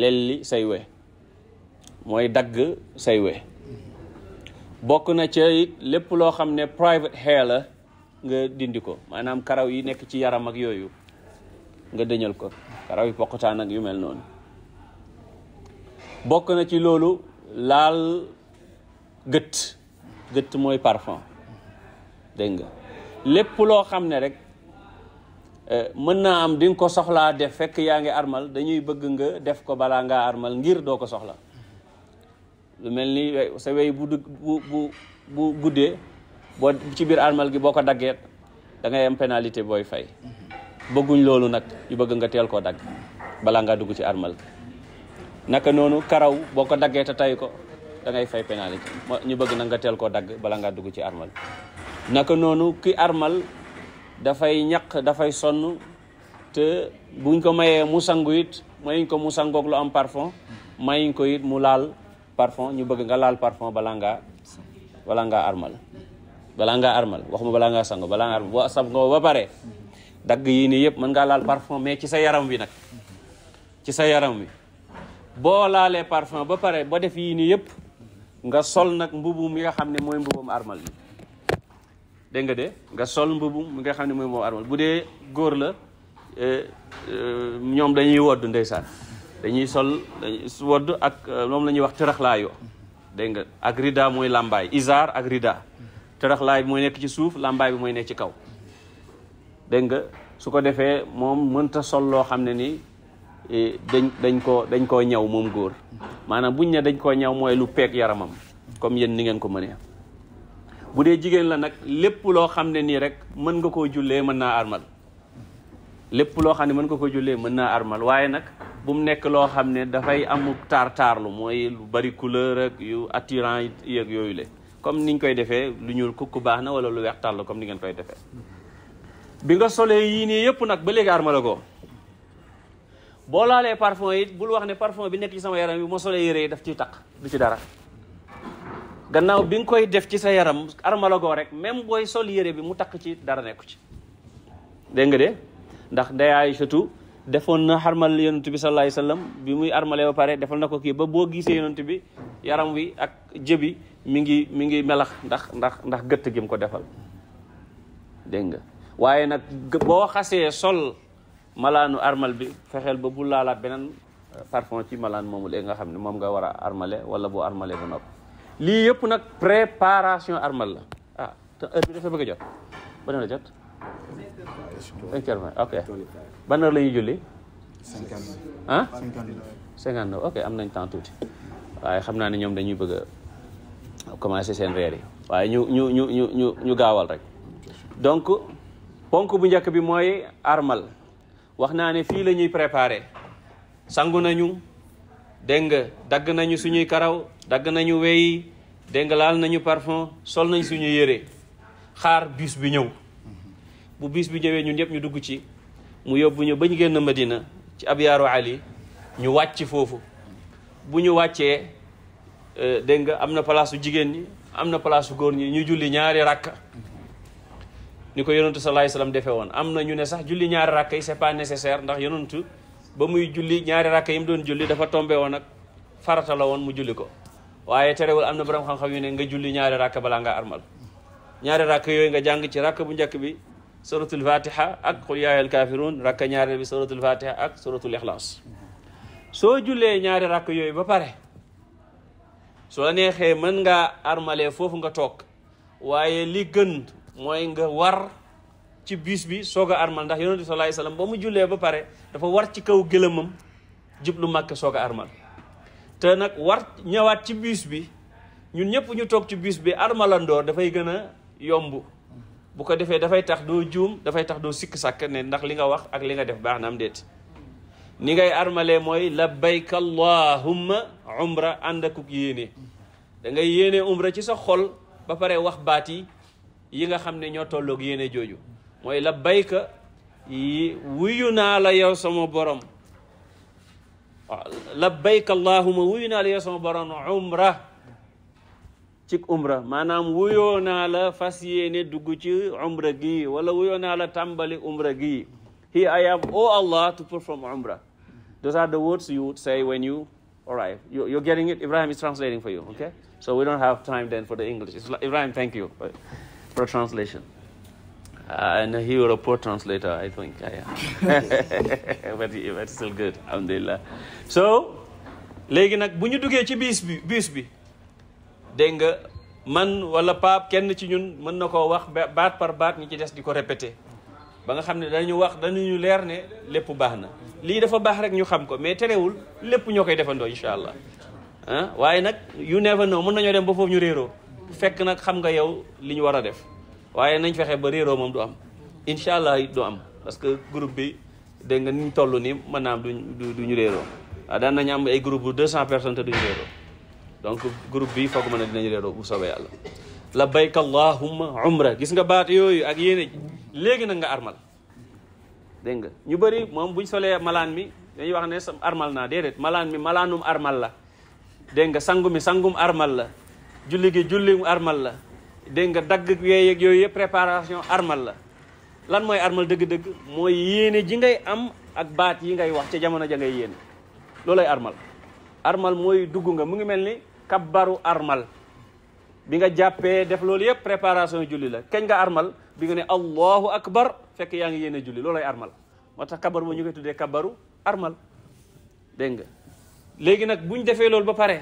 lelli say we mooy dagg say we bokk na ca it lépp loo xam ne private hair la nga dindi ko maanaam karaw yi nekk ci yaram ak yooyu nga dëñal ko karaw yi poqataan ak yu mel noonu bokk na ci loolu laal gët gëtt mooy parfum dégg nga lépp loo xam ne rek euh, mën naa am di ko soxlaa def fekk yaa ngi armal dañuy bëgg nga def ko balaa ngaa armal ngir doo ko soxla lu mel ni sa wey bu bu bu bu guddee boo ci biir armal gi boo ko daggee da ngay am pénalité booy fay bëgguñ loolu nag ñu bëgg nga teel koo dagg balaa ngaa dugg ci armal gi naka noonu karaw boo ko daggee te tay ko dangay ngay fay pénalité ñu bëgg na nga teel koo dagg bala ngaa dugg ci armal naka noonu ki armal dafay ñaq dafay sonn te buñ ko mayee mu sangu it mayuñ ko mu sangook lu am parfum mayuñ ko it mu laal parfum ñu bëgg nga laal parfum balaa ngaa balaa ngaa armal balaa ngaa armal waxuma balaa ngaa sango balaa ngaa armal sango ba pare dagg yii nii yëpp mën ngaa laal parfum mais ci sa yaram wi nag ci sa yaram wi boo laalee parfum ba pare ba def yii nii yëpp nga sol nag mbubu mi nga xam ne mooy mbubum armal bi dégg nga de nga sol mbubu mi nga xam ne mooy mbubum armal bu dee góor la eh, eh, ñoom dañuy wodd ndeysaan dañuy sol wodd ak eh, moom la ñuy wax tëraxlaayoo dégg nga ak rida mooy làmbaay isaar ak rida tëraxlaay bi mooy nekk ci suuf làmbaay bi mooy nekk ci kaw dégg nga su ko defee moom mënta sol loo xam ne ni dañ dañ ko dañ koo ñaw moom góor maanaam bu buñ ne dañ koo ñaw mooy lu peeg yaramam comme yéen ni ngeen ko mënee bu dee jigéen la nag lépp loo xam ne nii rek mën nga koo jullee mën naa armal lépp loo xam ne mën nga ko jullee mën naa armal waaye nag bu mu nekk loo xam ne dafay amuk taar-taarlu mooy lu bari couleur ak yu attirant yeeg yooyu le comme ni ñu koy defee lu ñuul kukku baax na wala lu weex tàll comme ni ngeen koy defee bi nga solee yii nii yëpp nag ba léegi armala ko boo laalee parfum yi bul wax ne parfum bi nekk ci sama yaram bi moo solee yére yi daf ciy taq du ci dara gannaaw bi nga koy def ci sa yaram armalagoo rek même booy sol yére bi mu takk ci dara nekku ci dégg nga de ndax ndeyaayu surtout defoon na xarmal yonent bi sallallahu alayhi wasallam bi muy armale ba pare defal na ko kii ba boo gisee yonent bi yaram wi ak jëbi mi ngi mi ngi melax ndax ndax ndax gëtt gi mu ko defal dégg nga waaye nag boo xasee sol malaanu armal bi fexeel ba bu laalaat beneen euh, parfum ci malaan moomu léegi nga xam ne moom nga war a armale wala boo armale ba nopp lii yëpp nag préparation armal la ah te heure bi dafa jot ban heure la jot la ñuy julli ah cinquante neuf ok am nañ temps tuuti waaye xam naa ne ñoom dañuy bëgg a commencé seen reer waaye ñu ñu ñu ñu ñu gaawal rek donc ponk bu njëkk bi mooy armal wax naa ne fii la ñuy préparé sangu nañu dégg nga dagg nañu suñuy karaw dagg nañu wey dégg nga laal nañu parfum sol nañ suñuy yére xaar bus bi ñëw bu bus bi ñëwee ñu ñëpp ñu dugg ci mu yóbbu ñu bañ génn Madina ci ab yaaru Ali ñu wàcc foofu bu ñu wàccee euh, dégg nga am na palaasu jigéen ñi am na palaasu góor ñi ñu julli ñaari ràkk ni ko yonantu sallallahu alayhi wasallam defee woon am na ñu ne sax julli ñaari rakk yi c'est pas nécessaire ndax yonantu ba muy julli ñaari rakk yi mu doon julli dafa tombe woon ak farata la woon mu julli ko waaye terewul am na borom xam-xam yu ne nga julli ñaari rakk balaa nga armal ñaari rakk yooyu nga jàng ci rakk bu njëkk bi suratul fatiha ak qul yaa rakk ñaareel bi suratul fatiha ak suratul ixlaas soo jullee ñaari rakk yooyu ba pare soo neexee mën ngaa armalee foofu nga toog mooy nga war ci biis bi soog a armal ndax yonent bi sallallahu alayhi wasallam ba mu jullee ba pare dafa war ci kaw gëlëmam jublu Makka soog a armal te nag war ñëwaat ci biis bi ñun ñëpp ñu toog ci biis bi armalandoor dafay gën a yomb bu ko defee dafay tax doo juum dafay tax doo sikk sàkk ne ndax li nga wax ak li nga def baax na am déet ni ngay armalee mooy labbayka allahumma umra ànd ak yéene dangay ngay yéene umra ci sa xol ba pare wax baat yi yi nga xam ne ñoo tolloog yéene jooju mooy labbayka yi wuyu naa la yow sama borom waaw labbayka allahuma wuyu naa la yow sama borom umra ci umra maanaam wuyoo naa la fas yéene dugg ci umra gi wala wuyoo naa la tàmbali umra gi here I have oh Allah to perform umra those are the words you would say when you arrive you, you're getting it Ibrahim is translating for you okay so we don't have time then for the English Ibrahim thank you for translation. Uh, a poor translator, I think. Uh, but, but still good, alhamdulillah. So, léegi nag bu ñu duggee ci biis bi biis bi dégg nga man wala paap kenn ci ñun mën na ko wax baat par baat ñi ci des di ko répété ba nga xam ne dañu wax dañuñu leer ne lépp baax na lii dafa baax rek ñu xam ko mais terewul lépp ñoo koy defandoo incha allah ah waaye nag you never know mën nañoo dem ba foofu ñu réeroo fekk nag xam nga yow li ñu war a def waaye nañ fexe ba réeroo moom du am incha allah yit du am parce que group bi dégg nga niñ toll nii am duñ duñu réeroo waaw ah, daan nañu am ay group bu 200 personnes te réeroo donc groupe bi foog mën a dinañu réeroo bu soobee yàlla labbayk allahumma umra gis nga baat yooyu ak yéene léegi nag nga armal dégg nga ñu bëri moom buñ solee malaan mi dañuy wax ne sam armal naa déedéet malaan mi malaanum armal la dégg nga sangu mi sangum armal la julli gi julli mu armal la dégg nga dagg yeeg yooyu yëpp préparation armal la lan mooy armal dëgg-dëgg mooy yéene ji ngay am ak baat yi ngay wax ca jamono ja ngay yéene loolay armal armal mooy dugg nga mu ngi mel ni kabbaru armal bi nga jàppee def loolu yëpp préparation julli la kañ nga armal bi nga ne allahu akbar fekk yaa ngi yéene julli loolay armal moo tax kabbar moo ñu koy tuddee kabbaru armal dégg nga léegi nag buñ defee loolu ba pare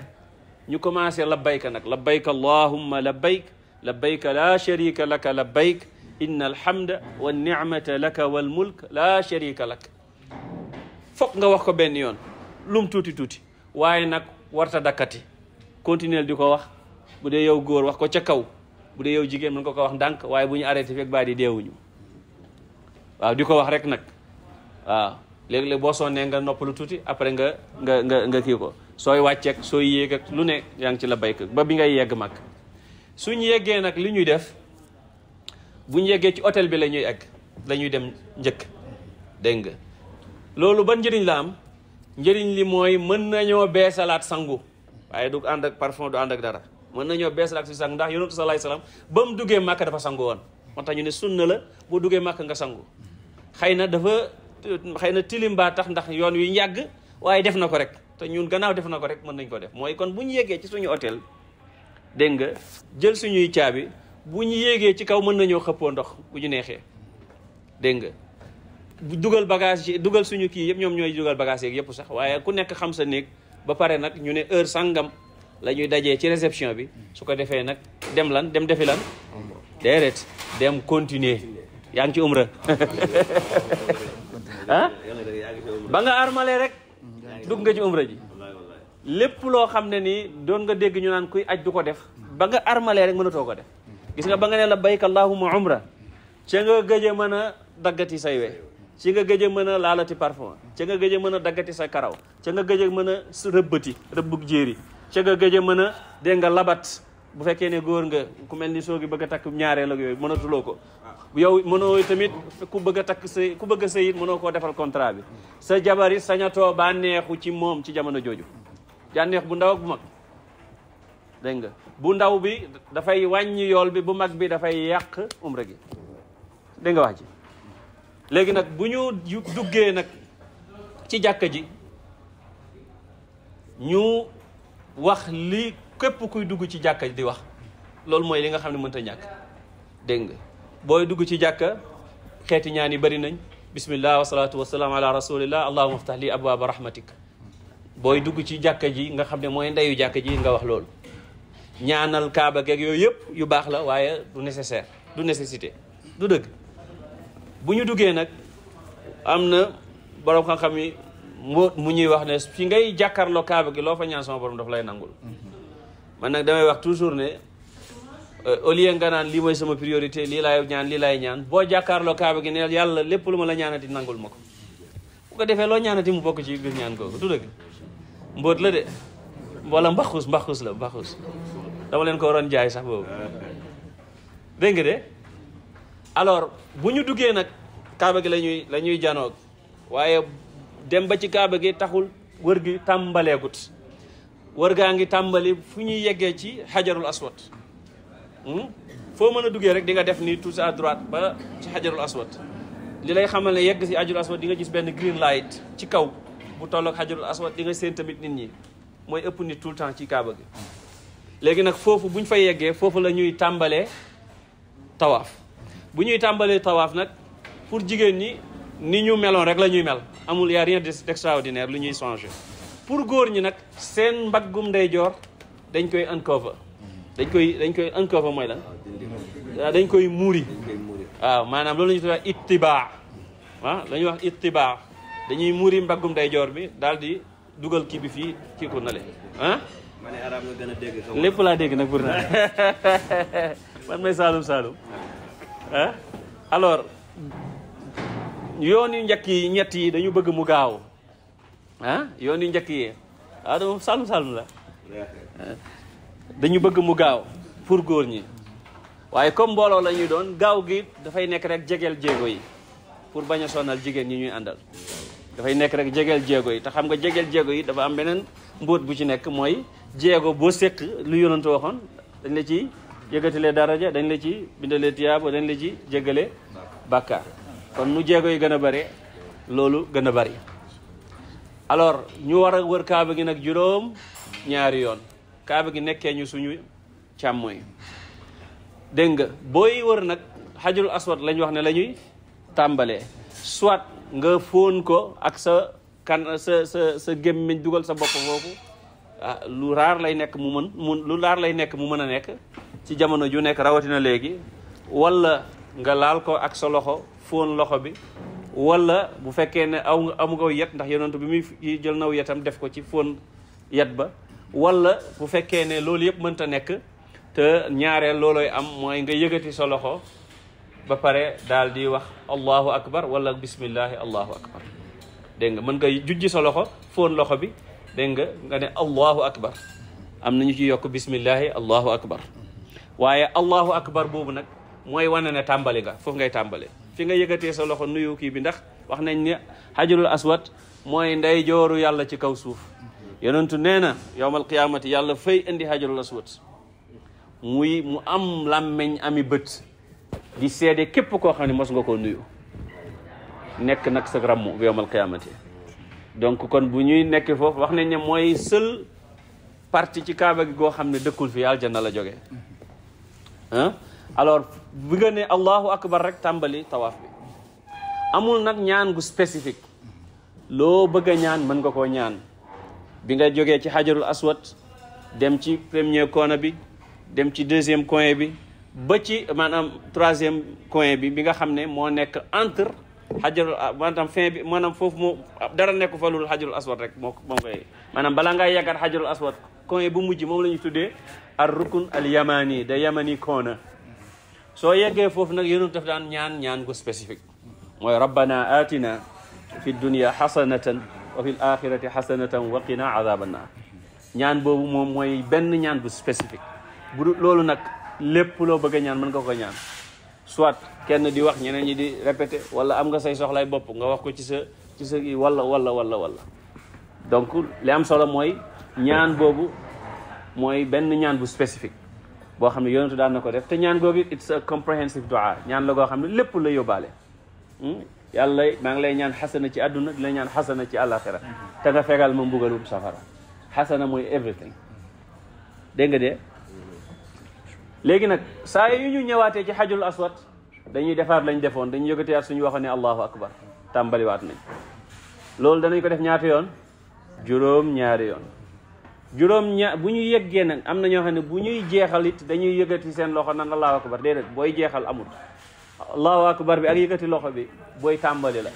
ñu commencé labbayka nag labbayka allahumma labbayk labbayka laa sharika laka labbayk inna alhamda wa nicmata laka wal mulk laa sharika lak foog nga wax ko benn yoon lum tuuti tuuti waaye nag warta dakkati continuer di ko wax bu dee yow góor wax ko ca kaw bu dee yow jigéen mën nga ko wax ndànk waay bu ñu arrêté fekk baa di deewuñu waaw di ko wax rek nag waaw léeg-léeg boo sonnee nga noppalu tuuti après nga nga nga nga kii sooy wàcceek sooy yéeg lu ne yaa ci la bayk ba bi ngay yegg mag suñ yeggee nag li ñuy def bu buñ yeggee ci otel bi la ñuy egg la dem njëkk dégg nga loolu ba njëriñ la am njëriñ li mooy mën nañoo beesalaat sangu waaye du ànd ak parfum du ànd ak dara mën nañoo beesalaat si sangu ndax yonentu sallallahu alayhi wasallam mu duggee màkk dafa sangu woon moo ñu ne sunna la boo duggee màkk nga sangu xëy na dafa xëy na tilim baa tax ndax yoon wi yàgg waaye def na ko rek te ñun gannaaw def na ko rek mën nañ ko def mooy kon bu ñu yéegee ci suñu hôtel dégg nga jël suñuy caabi bu ñu yéegee ci kaw mën nañoo xëppoo ndox bu ñu neexee dégg nga dugal bagage yi dugal suñu kii yëpp ñoom ñooy dugal bagage yeeg yëpp sax waaye ku nekk xam sa néeg ba pare nag ñu ne heure sàngam la ñuy dajee ci réception bi su ko defee nag dem lan dem defi lan déedéet dem continuer yaa ngi ci umra ah? ba nga armale rek dugg nga ci umra ji lépp loo xam ne nii doon nga dégg ñu naan kuy aj du ko def ba nga armalee rek mënatoo ko def gis nga ba nga ne la bayka allahumma umra ca nga gëj a mën a daggati say we ci nga gëj a mën a laalati parfum ca nga gëj a mën a daggati sa karaw ca nga gëj a mën a rëbbati rëbbuk jéeri ca nga gëj a mën a dégg labat bu fekkee ne góor nga ku mel ni soo gi bëgg a takk ñaareel ak yooyu mënatuloo ko yow mënoo tamit ku bëgg a takk sëy ku bëgg sëy mënoo koo defal contrat bi sa jabar it sañatoo bànneexu ci moom ci jamono jooju jànneex bu ndaw ak bu mag nga bu ndaw bi dafay wàññi yool bi bu mag bi dafay yàq umra gi dégg nga wax ji léegi nag bu ñu duggee nag ci jàkka ji ñu wax lii képp kuy dugg ci jàkka di wax loolu mooy li nga xam ne mënta ñàkk dégg nga booy dugg ci jàkka xeeti ñaan yi bari nañ bismillah wa wasalaam ala rasulillah allahuma aftah li abwaaba rahmatik booy dugg ci jàkka ji nga xam ne mooy ndeyu jàkka ji nga wax loolu ñaanal kaaba geeg yooyu yëpp yu baax la waaye du nécessaire du nécessité du dëgg bu ñu duggee nag am na borom xam-xam yi mu mu ñuy wax ne fi ngay jàkkaarloo kaaba gi loo fa ñaan sama borom lay nangul man nag damay wax toujours ne euh, au lieu nga naan lii mooy sama priorité lii laay ñaan lii laay ñaan boo jàkkaarloo kaaba gi ne yàlla lépp lu ma la ñaanati nangul ma ko bu ko defee loo ñaanati mu bokk ci biir ñaan googu du dëgg mbóot la de wala mbaxus mbaxus la mbaxus dama leen ko waroon jaay sax boobu dégg de alors bu ñu duggee nag kaaba gi la ñuy la ñuy janoog waaye dem ba ci kaaba gi taxul wër gi tàmbaleegut war gaa ngi tàmbali fu ñuy yeggee ci xajarul aswad hmm? foo mën a duggee rek di nga def nii tout à droite ba ci xajarul aswad li lay xamal ne yegg si xajarul aswad di nga gis benn green light ci kaw bu tolloog xajarul aswad di nga seen tamit nit ñi mooy ëpp nit tout le temps ci kaaba gi léegi nag foofu bu ñu fay yeggee foofu la ñuy tàmbalee tawaaf bu ñuy tàmbalee tawaaf nag pour jigéen ñi ni ñu meloon rek la ñuy mel amul y a rien d'extraordinaire lu ñuy changer pour góor ñi nag seen mbaggum ndeyjoor dañ koy uncover dañ koy dañ koy uncover mooy lan ah, dañ koy muuri waaw ah, maanaam loolu la ñuy tuddee ittibaa ah, wax ittibaa dañuy muuri mbaggum ndeyjoor bi daal di dugal kii bi fii kii ko nale ah ma lépp laa dégg nag pour na man may saalum saalum ah alors yoon yu njëkk yi ñett yi dañu bëgg mu gaaw Ah, yoon yu njëkk yi Adama salum salum la dañu bëgg mu gaaw pour góor ñi waaye comme mbooloo la ñuy doon gaaw gi dafay nekk rek jegeel jéego yi pour bañ a sonal jigéen ñi ñuy àndal dafay nekk rek jegeel jéego yi te xam nga jegeel jéego yi dafa am beneen mbóot bu ci nekk mooy jéego boo séq lu yonantu waxoon dañ la ci yëkkatilee daraja dañ la ci bindalee tiyaabo dañ la ci jégale bàkkaar kon nu jéego yi gën a bare loolu gën a bari alors ñu war a wër kaaba gi nag juróom ñaari yoon kaaba gi nekkee ñu suñu càmmooy dégg nga booy wër nag xajarul aswad lañ wax ne lañuy ñuy tàmbalee soit nga fóon ko ak sa kan sa sa sa gémmiñ dugal sa bopp foofu ah lu raar lay nekk mu mën mu lu raar lay nekk mu mën a nekk ci jamono ju nekk rawatina léegi walla nga laal ko ak sa loxo fóon loxo bi walla bu fekkee ne aw amu nga yet ndax yonentu bi muy jël naw yetam def ko ci fóon yet ba walla bu fekkee ne loolu yëpp ta nekk te ñaareel loolooy am mooy nga yëgati sa loxo ba pare daal di wax allahu akbar wala bismillahi allahu akbar dégg nga mën nga jujji sa loxo fóon loxo bi dégg nga nga ne allahu akbar am nañu ci yokk bismillahi allahu akbar waaye allahu akbar boobu nag mooy wane ne tàmbali nga foofu ngay tàmbale fi nga yëkkatee sa loxo nuyu kii bi ndax wax nañ ne xajarul aswad mooy ndey jooru yàlla ci kaw suuf yonentu nee na yowmal qiyaamati yàlla fay indi xajarul aswad muy mu am làmmeñ ami bët di seede képp koo xam ne mos nga ko nuyu nekk nag sa rammu yowmal qiyaamati donc kon bu ñuy nekk foofu wax nañ ne mooy sël parti ci kaaba gi goo xam ne dëkkul fi aljanna la joge alors bi nga ne allahu akbar rek tàmbali tawaaf bi amul nag ñaan gu spécifique loo bëgg a ñaan mën nga koo ñaan bi nga jógee ci xajarul aswad dem ci premier koona bi dem ci deuxième coin bi ba ci maanaam troisième coin bi bi nga xam ne moo nekk entre xajarul ah, maanaam fin bi maanaam foofu moo dara nekku fa lul xajarul aswad rek moo moom koy maanaam balaa ngay yàggat xajarul aswad coin bu mujj moom la ñu tuddee ar al yamani da yamani koona soo yeggee foofu nag yonent daf daan ñaan ñaan gu spécifique mooy rabbana atina fi dunia xasanatan wa fi l axirati xasanatan wa qina azaba naar ñaan boobu moom mooy benn ñaan spécifique bu dul loolu nag lépp loo bëgg a ñaan ko ñaan soit kenn di wax ñeneen ñi di répété wala am nga say soxlay bopp nga wax ko ci sa ci sa wala wala wala wala donc li am solo mooy ñaan boobu mooy benn ñaan bu spécifique boo xam ne yonentu daan na ko def te ñaan googu it's a comprehensive dua ñaan la goo xam ne lépp la yóbbaale hmm? yàlla maa ngi lay ñaan xasana ci àdduna di ñaan xasana ci àllaaxira te nga fegal ma mbugalum safara xasana mooy everything dégg nga de léegi nag saa yu ñu ñëwaatee ci xajul aswad dañuy defaat lañ defoon dañuy yëgateyaat suñu waxoon ne allahu akbar tàmbaliwaat nañ loolu danañ ko def ñaata yoon juróom ñaari yoon juróom ña bu ñu yeggee nag am na ñoo xam ne bu ñuy jeexal it dañuy yëkkati seen loxo nan allahu akbar déedéet booy jeexal amut allahu akbar bi ak yëkkati loxo bi booy tàmbali la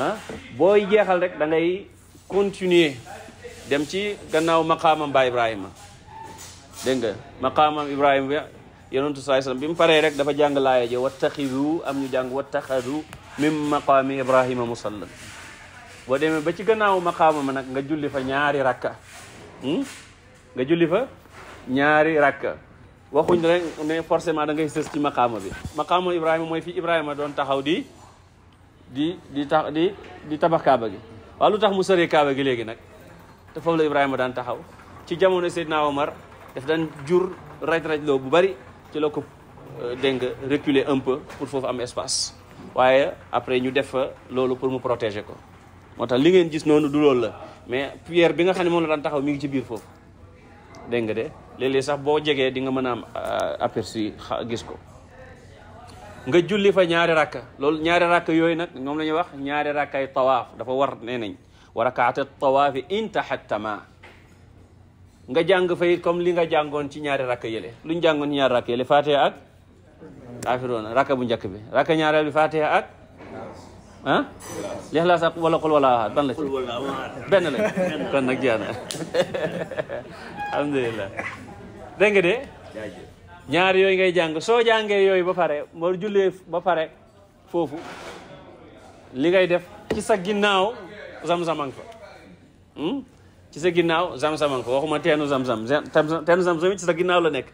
ah? booy jeexal rek dangay ngay continuer dem ci gannaaw maqaamam ba ibrahima dégg nga maqaamam ibrahima bi yonentu saai bi mu paree rek dafa jàng laaya jo wattaxidu am ñu jàng wattaxadu min maqaami ibrahima musallan boo demee ba ci gannaaw maqaamam nag nga julli fa ñaari rakka Hmm? nga julli fa ñaari rakka waxuñ rek ne forcément ngay sës ci maqaama bi maqaama ibrahima mooy fii ibrahima doon taxaw di di di tax di di tabax kaaba gi waaw lu tax mu sëree kaaba gi léegi nag te foofu la ibrahima daan taxaw ci jamono Seydina Omar def daan jur raj-raj loo bu bari ci la ko euh, dégg nga reculer un peu pour foofu am espace waaye après ñu def fa loolu pour mu protéger ko moo tax li ngeen gis noonu du loolu la mais pierre bi nga xam ne moom taxaw mi ngi ci biir foofu dégg nga de léeg sax boo jegee di nga mën am euh, aperçu gis ko nga julli fa ñaari rakk loolu ñaare rakka yooyu nag ñoom la ñuy wax ñaari rakkay tawaaf dafa war nee nañ wa rakaata tawaafi intaxattama nga jàng fay comme li nga jàngoon ci ñaari rakka yële luñ jàngoon ci ñaari rakka yële fatiha ak kaafiroona rakka bu njëkk bi rakka ñaareel bi fatiha ak ah lixlaas ak wala xul wala ahad ban la ci benn la kon nag jeex na alhamdulilah dégg de ñaar yooyu ngay jàng soo jàngee yooyu ba pare moo jullee ba pare foofu li ngay def ci sa ginnaaw zam-zamang fa hmm? ci sa ginnaaw zam-zamang fa waxuma teenu zam-zam teenu zam-zam ci sa ginnaaw la nekk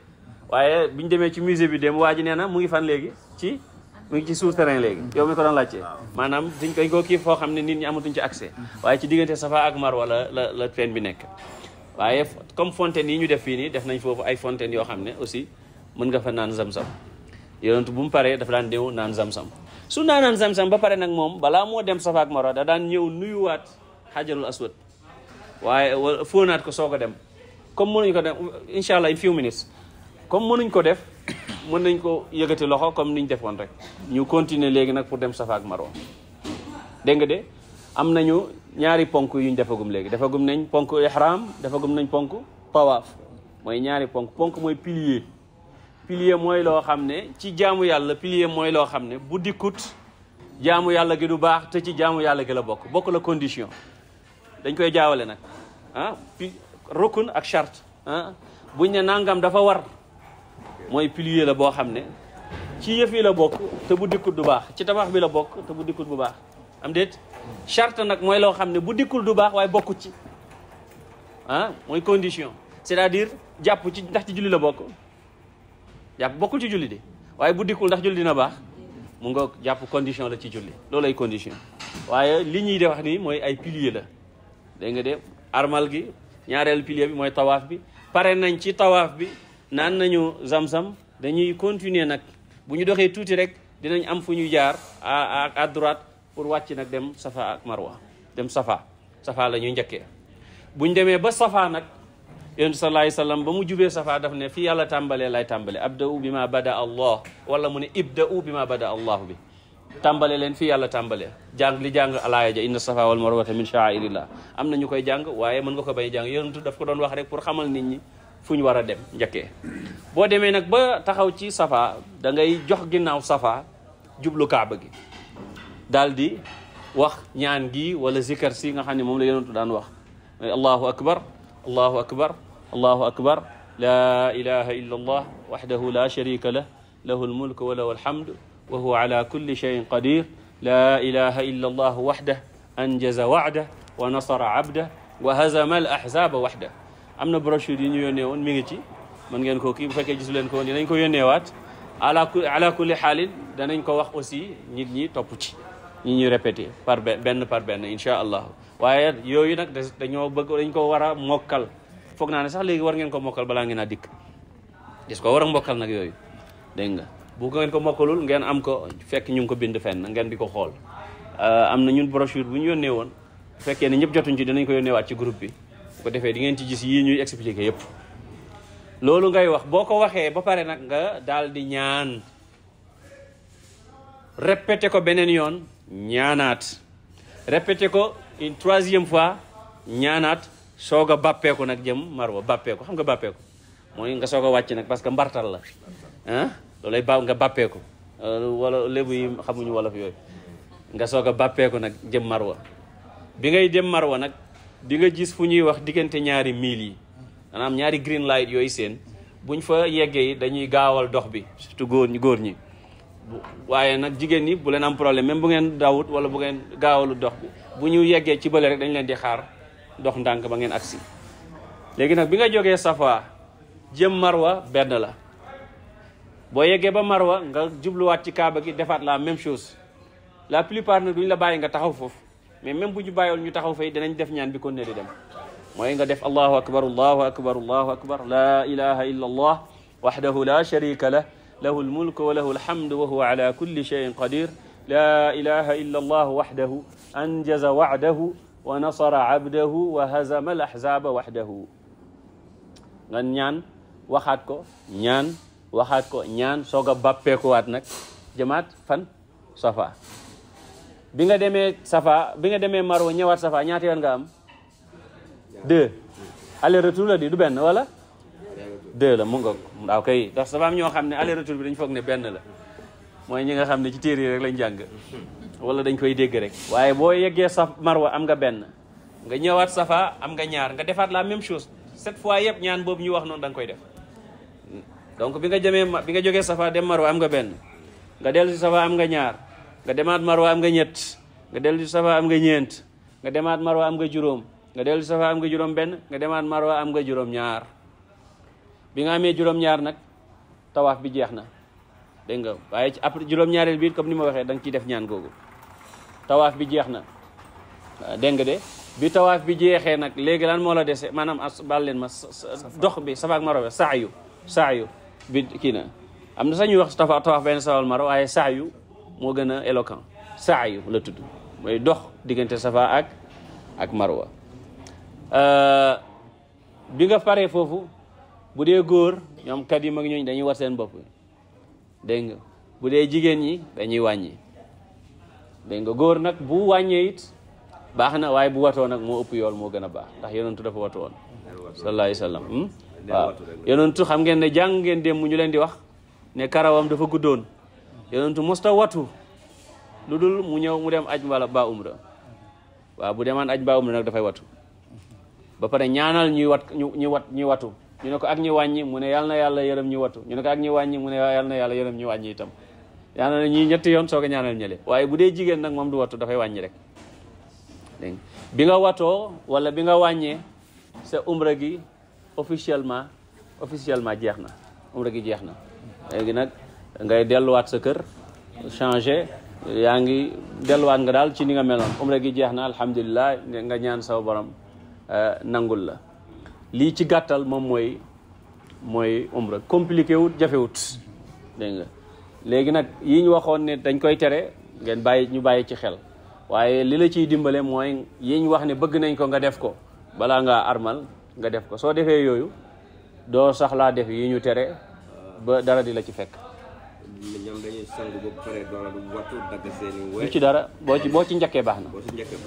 waaye biñ demee ci musée bi dem waa ji nee na mu ngi fan léegi ci mu ngi ci suuf terrain léegi yow mi ko doon laajte maanaam dañ koy koo kii foo xam ne nit ñi amatuñ ci accès mm-hmm. waaye ci diggante Safa ak Marwa la la la teen bi nekk waaye comme fontaine yi ñu def fii nii def nañ foofu ay fontaine yoo xam ne aussi mën nga fa naan zam-zam yonent bu mu paree dafa daan déw naan zam sam su naanaan zam-zam ba pare nag moom balaa moo dem Safa ak Marwa da daan ñëw nuyuwaat xajarul aswad waaye fóonaat ko soog a dem comme mënuñ ko def incha allah in few minutes comme ko def mën nañ koo yëgati loxo comme niñ defoon rek ñu continuer léegi nag pour dem safa ak marwa dégg nga de am nañu ñaari ponk yuñ defagum léegi defagum nañ ponk ihram defagum nañ ponk tawaaf mooy ñaari ponk ponk mooy pilier pilier mooy loo xam ne ci jaamu yàlla pilier mooy loo xam ne bu dikkut jaamu yàlla gi du baax te ci jaamu yàlla gi la bokk bokk la condition dañ koy jaawale nag ah rukun ak chart ah, buñ ne nangam dafa war mooy pilier la boo xam ne ci yëf yi la bokk te bu dikkut du baax ci tabax bi la bokk te bu dikkut bu baax am déet charte nag mooy loo xam ne bu dikkul du baax waaye bokkut ci ah mooy condition c'est-à-dire jàpp ci ndax ci julli la bokk jàpp bokkul ci julli de waaye bu dikkul ndax julli dina baax mu nga jàpp condition la ci julli loolu ay condition waaye li ñuy de wax nii mooy ay pilier la dégg nga de armal gi ñaareel pilier bi mooy tawaaf bi pare nañ ci tawaaf bi naan nañu zam dañuy continuer nag bu ñu doxee tuuti rek dinañ am fu ñu jaar à à droite pour wàcc nag dem safa ak marwa dem safaa safa la ñuy njëkkee buñ demee ba safaa nag yonent sallallahu alayhi wasallam ba mu jubee safa daf ne fi yàlla tàmbalee lay tàmbale abda'u bi ma bada allah wala mu ne ibda'u bi ma bada allahu bi tàmbale leen fii yàlla tàmbale jàng li jàng alaaya ja inna safa wal marwata min sha'airillah am na ñu koy jàng waaye mën nga ko bay jàng yonentu daf ko doon wax rek pour xamal nit ñi fu ñu war a dem njëkkee boo demee nag ba taxaw ci safa da ngay jox ginnaaw safa jublu kaaba gi daal di wax ñaan gi wala zikar si nga xam ne moom la yonentu daan wax mooy allahu akbar allahu akbar allahu akbar laa ilaha illa allah waxdahu la sharika lah lahu almulk wa lahu alhamd wa huwa ala kulli cheyin qadir laa ilaha illa allah waxdah anjaza wacdah wa nasara abdah wa hazama al ahzaba waxdah am na brochure yi ñu yónnee woon mi ngi ci mën ngeen ko kii bu fekkee gisu leen ko woon dinañ ko yónneewaat ala ku ala kulli xaalin danañ ko wax aussi nit ñi topp ci ñi ñuy répété par benn par benn incha allah waaye yooyu nag dañoo bëgg dañ ko war a mokkal foog naa ne sax léegi war ngeen ko mokkal balaa ngeen a dikk des ko war a mokkal nag yooyu dégg nga bu ngeen ko mokkalul ngeen am ko fekk ñu ngi ko bind fenn ngeen di ko xool euh, am na ñun brochure bu ñu yónnee woon fekkee ne ñëpp jotuñ ci dinañ ko yónneewaat ci groupe bi bu ko defee di ngeen ci gis yii ñuy expliquer yépp loolu ngay wax boo ko waxee ba pare nag nga daal di ñaan répété ko beneen yoon ñaanaat répété ko une troisième fois ñaanaat soog a bàppeeku nag jëm marwa bàppeeku xam nga bàppeeku mooy nga soog a wàcc nag parce que mbartal la ah loolay ba nga bàppeeku euh, wala lébu yi xamuñu wolof yooyu nga soog a bàppeeku nag jëm marwa bi ngay jëm marwa nag di nga gis fu ñuy wax diggante ñaari mil yi maanaam ñaari green light yooyu seen buñ fa yeggee dañuy gaawal dox bi surtout góor ñi góor ñi waaye nag jigéen ñi bu leen am problème même bu ngeen dawut wala bu ngeen gaawalu dox bi bu ñu yeggee ci bële rek dañ leen di xaar dox ndànk ba ngeen agsi léegi nag bi nga jogee Safa jëm Marwa benn la boo yeggee ba Marwa nga jubluwaat ci Kaaba gi defaat la même chose la plupart nag duñ la bàyyi nga taxaw foofu mais même bu ñu bàyyoon ñu taxaw fay dinañ def ñaan bi kon ne di dem mooy nga def allahu akbar allahu akbar allahu akbar laa ilaha illa allah wahdahu la sharika lah lahu almulku wa lahu alhamdu wa huwa ala kulli shayin qadir la ilaha illa allah wahdahu anjaza wa'dahu wa nasara abdahu wa hazama alahzaba wahdahu nga ñaan waxaat ko ñaan waxaat ko ñaan soog a bàppeekuwaat nag jëmaat fan safa bi nga demee safa bi nga demee marwa ñëwaat safa ñaata yoon nga am deux aller retour la di du benn wala deux la mu nga waaw kay ndax safa am ñoo xam ne aller retour bi dañ foog ne benn la mooy ñi nga xam ne ci téere yi jàng wala dañ koy dégg rek waaye boo yeggee saf marwa am nga benn nga ñëwaat safa am nga ñaar nga defaat la même chose cette fois yëpp ñaan boobu ñu wax noonu da koy def donc bi nga jëmee bi nga jógee safa dem marwa am nga benn nga dellu si safa am nga ñaar nga demaat marwa am nga ñett nga dellu safa nga ñeent nga demaat marwa juróom nga dellu safa am nga juróom nga demaat marwa am nga juróom ñaar bi nga amee juróom ñaar nag tawaaf bi jeex na dégg nga waaye ci après juróom-ñaareel comme ni ma waxee da nga def ñaan googu tawaaf bi jeex na dégg nga de bi tawaaf bi jeexee nag léegi lan moo la dese maanaam as leen ma dox bi safa ak marwa saayu saayu bi kii na am na sax ñuy wax tawaaf benn safal waaye saayu moo gën a éloquent saayu la tudd mooy dox diggante safa ak ak marwa euh, bi nga paree foofu bu dee góor ñoom kat yi mag ñooñu dañuy wat seen bopp dégg nga bu dee jigéen ñi dañuy wàññi dégg nga góor nag bu wàññee it baax na waaye bu watoo nag moo ëpp yool moo gën a baax ndax yonentu dafa watu woon sallallahu alayhi wa sallam hmm? waaw yonentu xam ngeen ne jàng ngeen de mu ñu leen di wax ne karawam dafa guddoon yonentu musta watu lu dul mu ñëw mu dem aj wala ba umra waaw bu demaan aj ba umra nag dafay watu ba pare ñaanal ñuy wat ñu ñu wat ñu watu ñu ne ko ak ñu wàññi mu ne yàlla na yàlla yërëm ñi watu ñu ne ko wàññi mu ne yàlla na yàlla yërëm ñu wàññi itam ñaanal ñii ñetti yoon soo ko ñaanal ñële waaye bu dee jigéen nag moom du watu dafay wàññi rek bi nga watoo wala bi nga wàññee sa umra gi officiellement officiellement jeex na umra gi jeex na ngay delluwaat sa kër changé yaa ngi delluwaat nga daal ci ni nga meloon umra gi jeex na alhamdulilah nga ñaan sa borom eh, nangul la lii ci gàttal moom mooy mooy umra compliqué wut jafewut dégg léegi nag yi ñu waxoon ne dañ koy tere ngeen bàyyi ñu bàyyi ci xel waaye li la ciy dimbale mooy yi wax ne bëgg nañ ko nga def ko balaa ngaa armal nga def ko soo defee yooyu doo saxlaa def yi ñu tere ba dara di la ci fekk ñoom dañuy sang ba pare doole du wattu dagg seeni wéy. du ci dara boo ci ci njëkkee baax na. boo ci njëkkee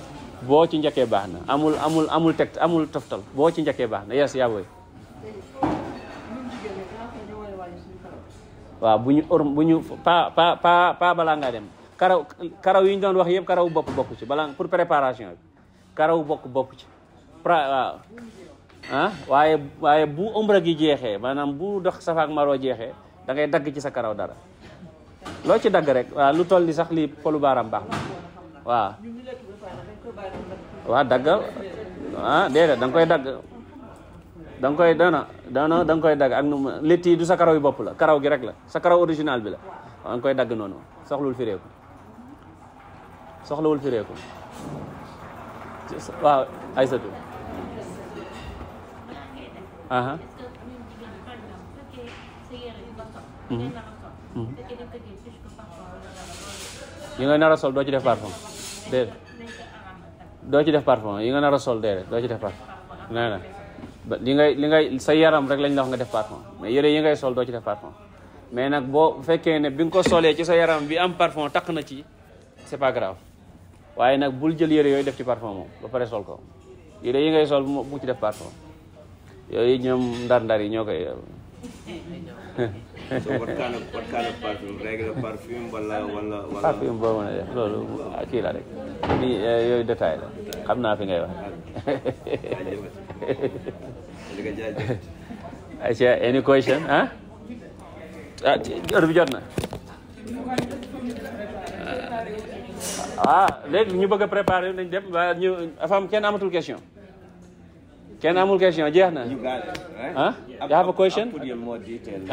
boo ci njëkkee baax na amul amul amul amul toftal boo ci njëkkee baax na yes yaa booy. waaw bu ñu or bu ñu pa pa balaa ngaa dem karaw karaw yi ñu doon wax yëpp karaw bokk bokk ci balaa pour préparation bi karaw bokk bokk ci. pra waaw ah, waaye waaye bu umra gi jeexee maanaam bu dox safaak maroo jeexee. dangay dagg ci sa karaw dara loo ci dagg rek waaw lu toll di sax lii polu baaraam baax na waaw waaw daggal ah déedéet koy dagg da koy dana dana da koy dagg ak nu létt yi du sa karaw yi bopp la karaw gi rek la sa karaw original bi la da nga koy dagg noonu soxlawul fireeku soxlawul fireeku waaw Aysatu aha Mhm. Mhm. Mhm. yi nga nar a sol doo ci def parfum déedéet doo ci def parfum yi nga nar a sol déedéet doo ci def parfum nee na li ngay li ngay sa yaram rek lañ la nga def parfum mais yére yi ngay sol doo ci def parfum mais nag boo fekkee ne bi nga ko solee ci sa yaram bi am parfum takk na ci c'est pas waaye nag bul jël yére yooyu def ci parfum moom ba pare sol ko yére yi ngay sol bu ci def parfum yooyu ñoom ndar-ndar yi ñoo koy so what kind of what kind of perfume regular perfume wala wala wala perfume boo mën a def loolu kii la rek bi eh, yooyu détail la xam naa fi ngay wax ayca any question ah ah heure bi jot na ah léegi ñu bëgg a préparer nañ dem waa ñu afam kenn amatul question kenn amul question jeex na ah you have a question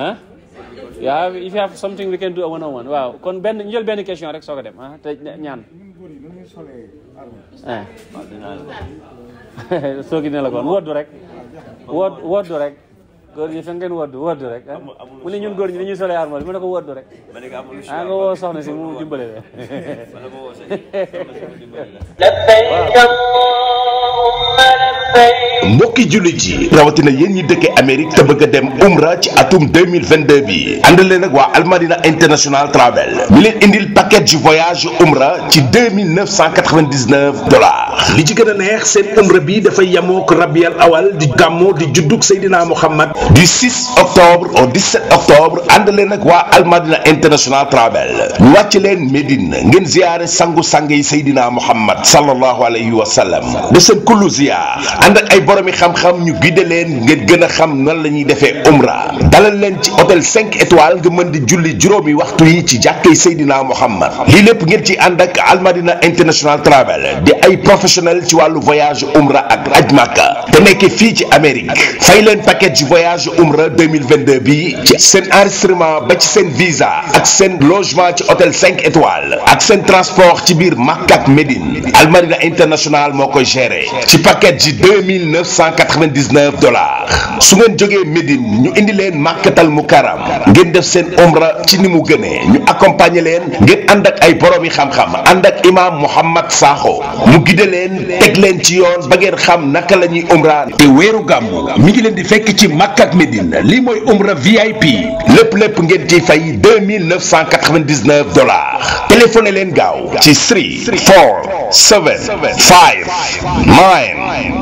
ah you have if you have something we can do one on one waaw kon benn njël benn question rek soo ko dem ah te ñaan eh. soo gi ne la kon woddu rek wodd woddu rek góor ñi fa ngeen woddu woddu rek ah. mu ne ñun góor ñi dañuy solee armoire mu ne ko woddu rek a ah, nga woo soxna si mu dimbale la labbayk allahumma labbayk mbokki jullit yi rawatina yéen ñi dëkkee Amérique te bëgg a dem umra ci atum 2022 bi ànd leen ak waa Almadina International Travel mi leen indil package voyage umra ci 2999 dollars li ci gën a neex seen umra bi dafay yamook rabial awal di gàmmo di juddug Seydina Muhammad di 6 octobre au 17 octobre ànd leen ak waa Almadina International Travel ñu wàcc leen Médine ngeen ziyaare sangu sang yi Seydina Muhammad sallallahu alayhi wa sallam de seen kullu ziyaar boromi xam-xam ñu guidé leen ngeen gën a xam nan la ñuy defee umra dalal leen ci hôtel 5 étoiles nga mën di julli juróomi waxtu yi ci jàkkay Seydina Muhammad lii lépp ngeen ci ànd ak Almadina International Travel di ay professionnel ci wàllu voyage umra ak aj Makka te nekk fii ci Amérique fay leen paket package voyage umra 2022 bi ci seen enregistrement ba ci seen visa ak seen logement ci hôtel 5 étoiles ak seen transport ci biir Makka ak Médine Almadina International neuf cent quatre-vingt-dix-neuf dollars su ngeen jógee Médine ñu indi leen màkkatal mukaram ngeen def seen omra ci ni mu gënee ñu accompagner leen ngeen ànd ak ay boromi xam-xam ànd ak imaam Mouhamed Sakho mu gide leen teg leen ci yoon ba ngeen xam naka la ñuy umra te weeru gam mu ngi leen di fekk ci Makka ak Medine li mooy umra VIP lépp lépp ngeen ciy fay 2999 dollars téléphoné leen gaaw ci 3 4 7 5 9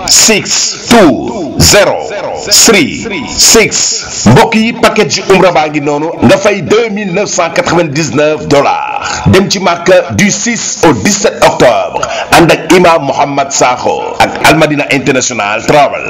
6 2 0 3 6 mbokk yi paquet ji umra baa ngi noonu nga fay 2999 dollars dem ci Makka du 6 au 17 octobre ànd ak imam Mouhamed saako ak Almadina International Travel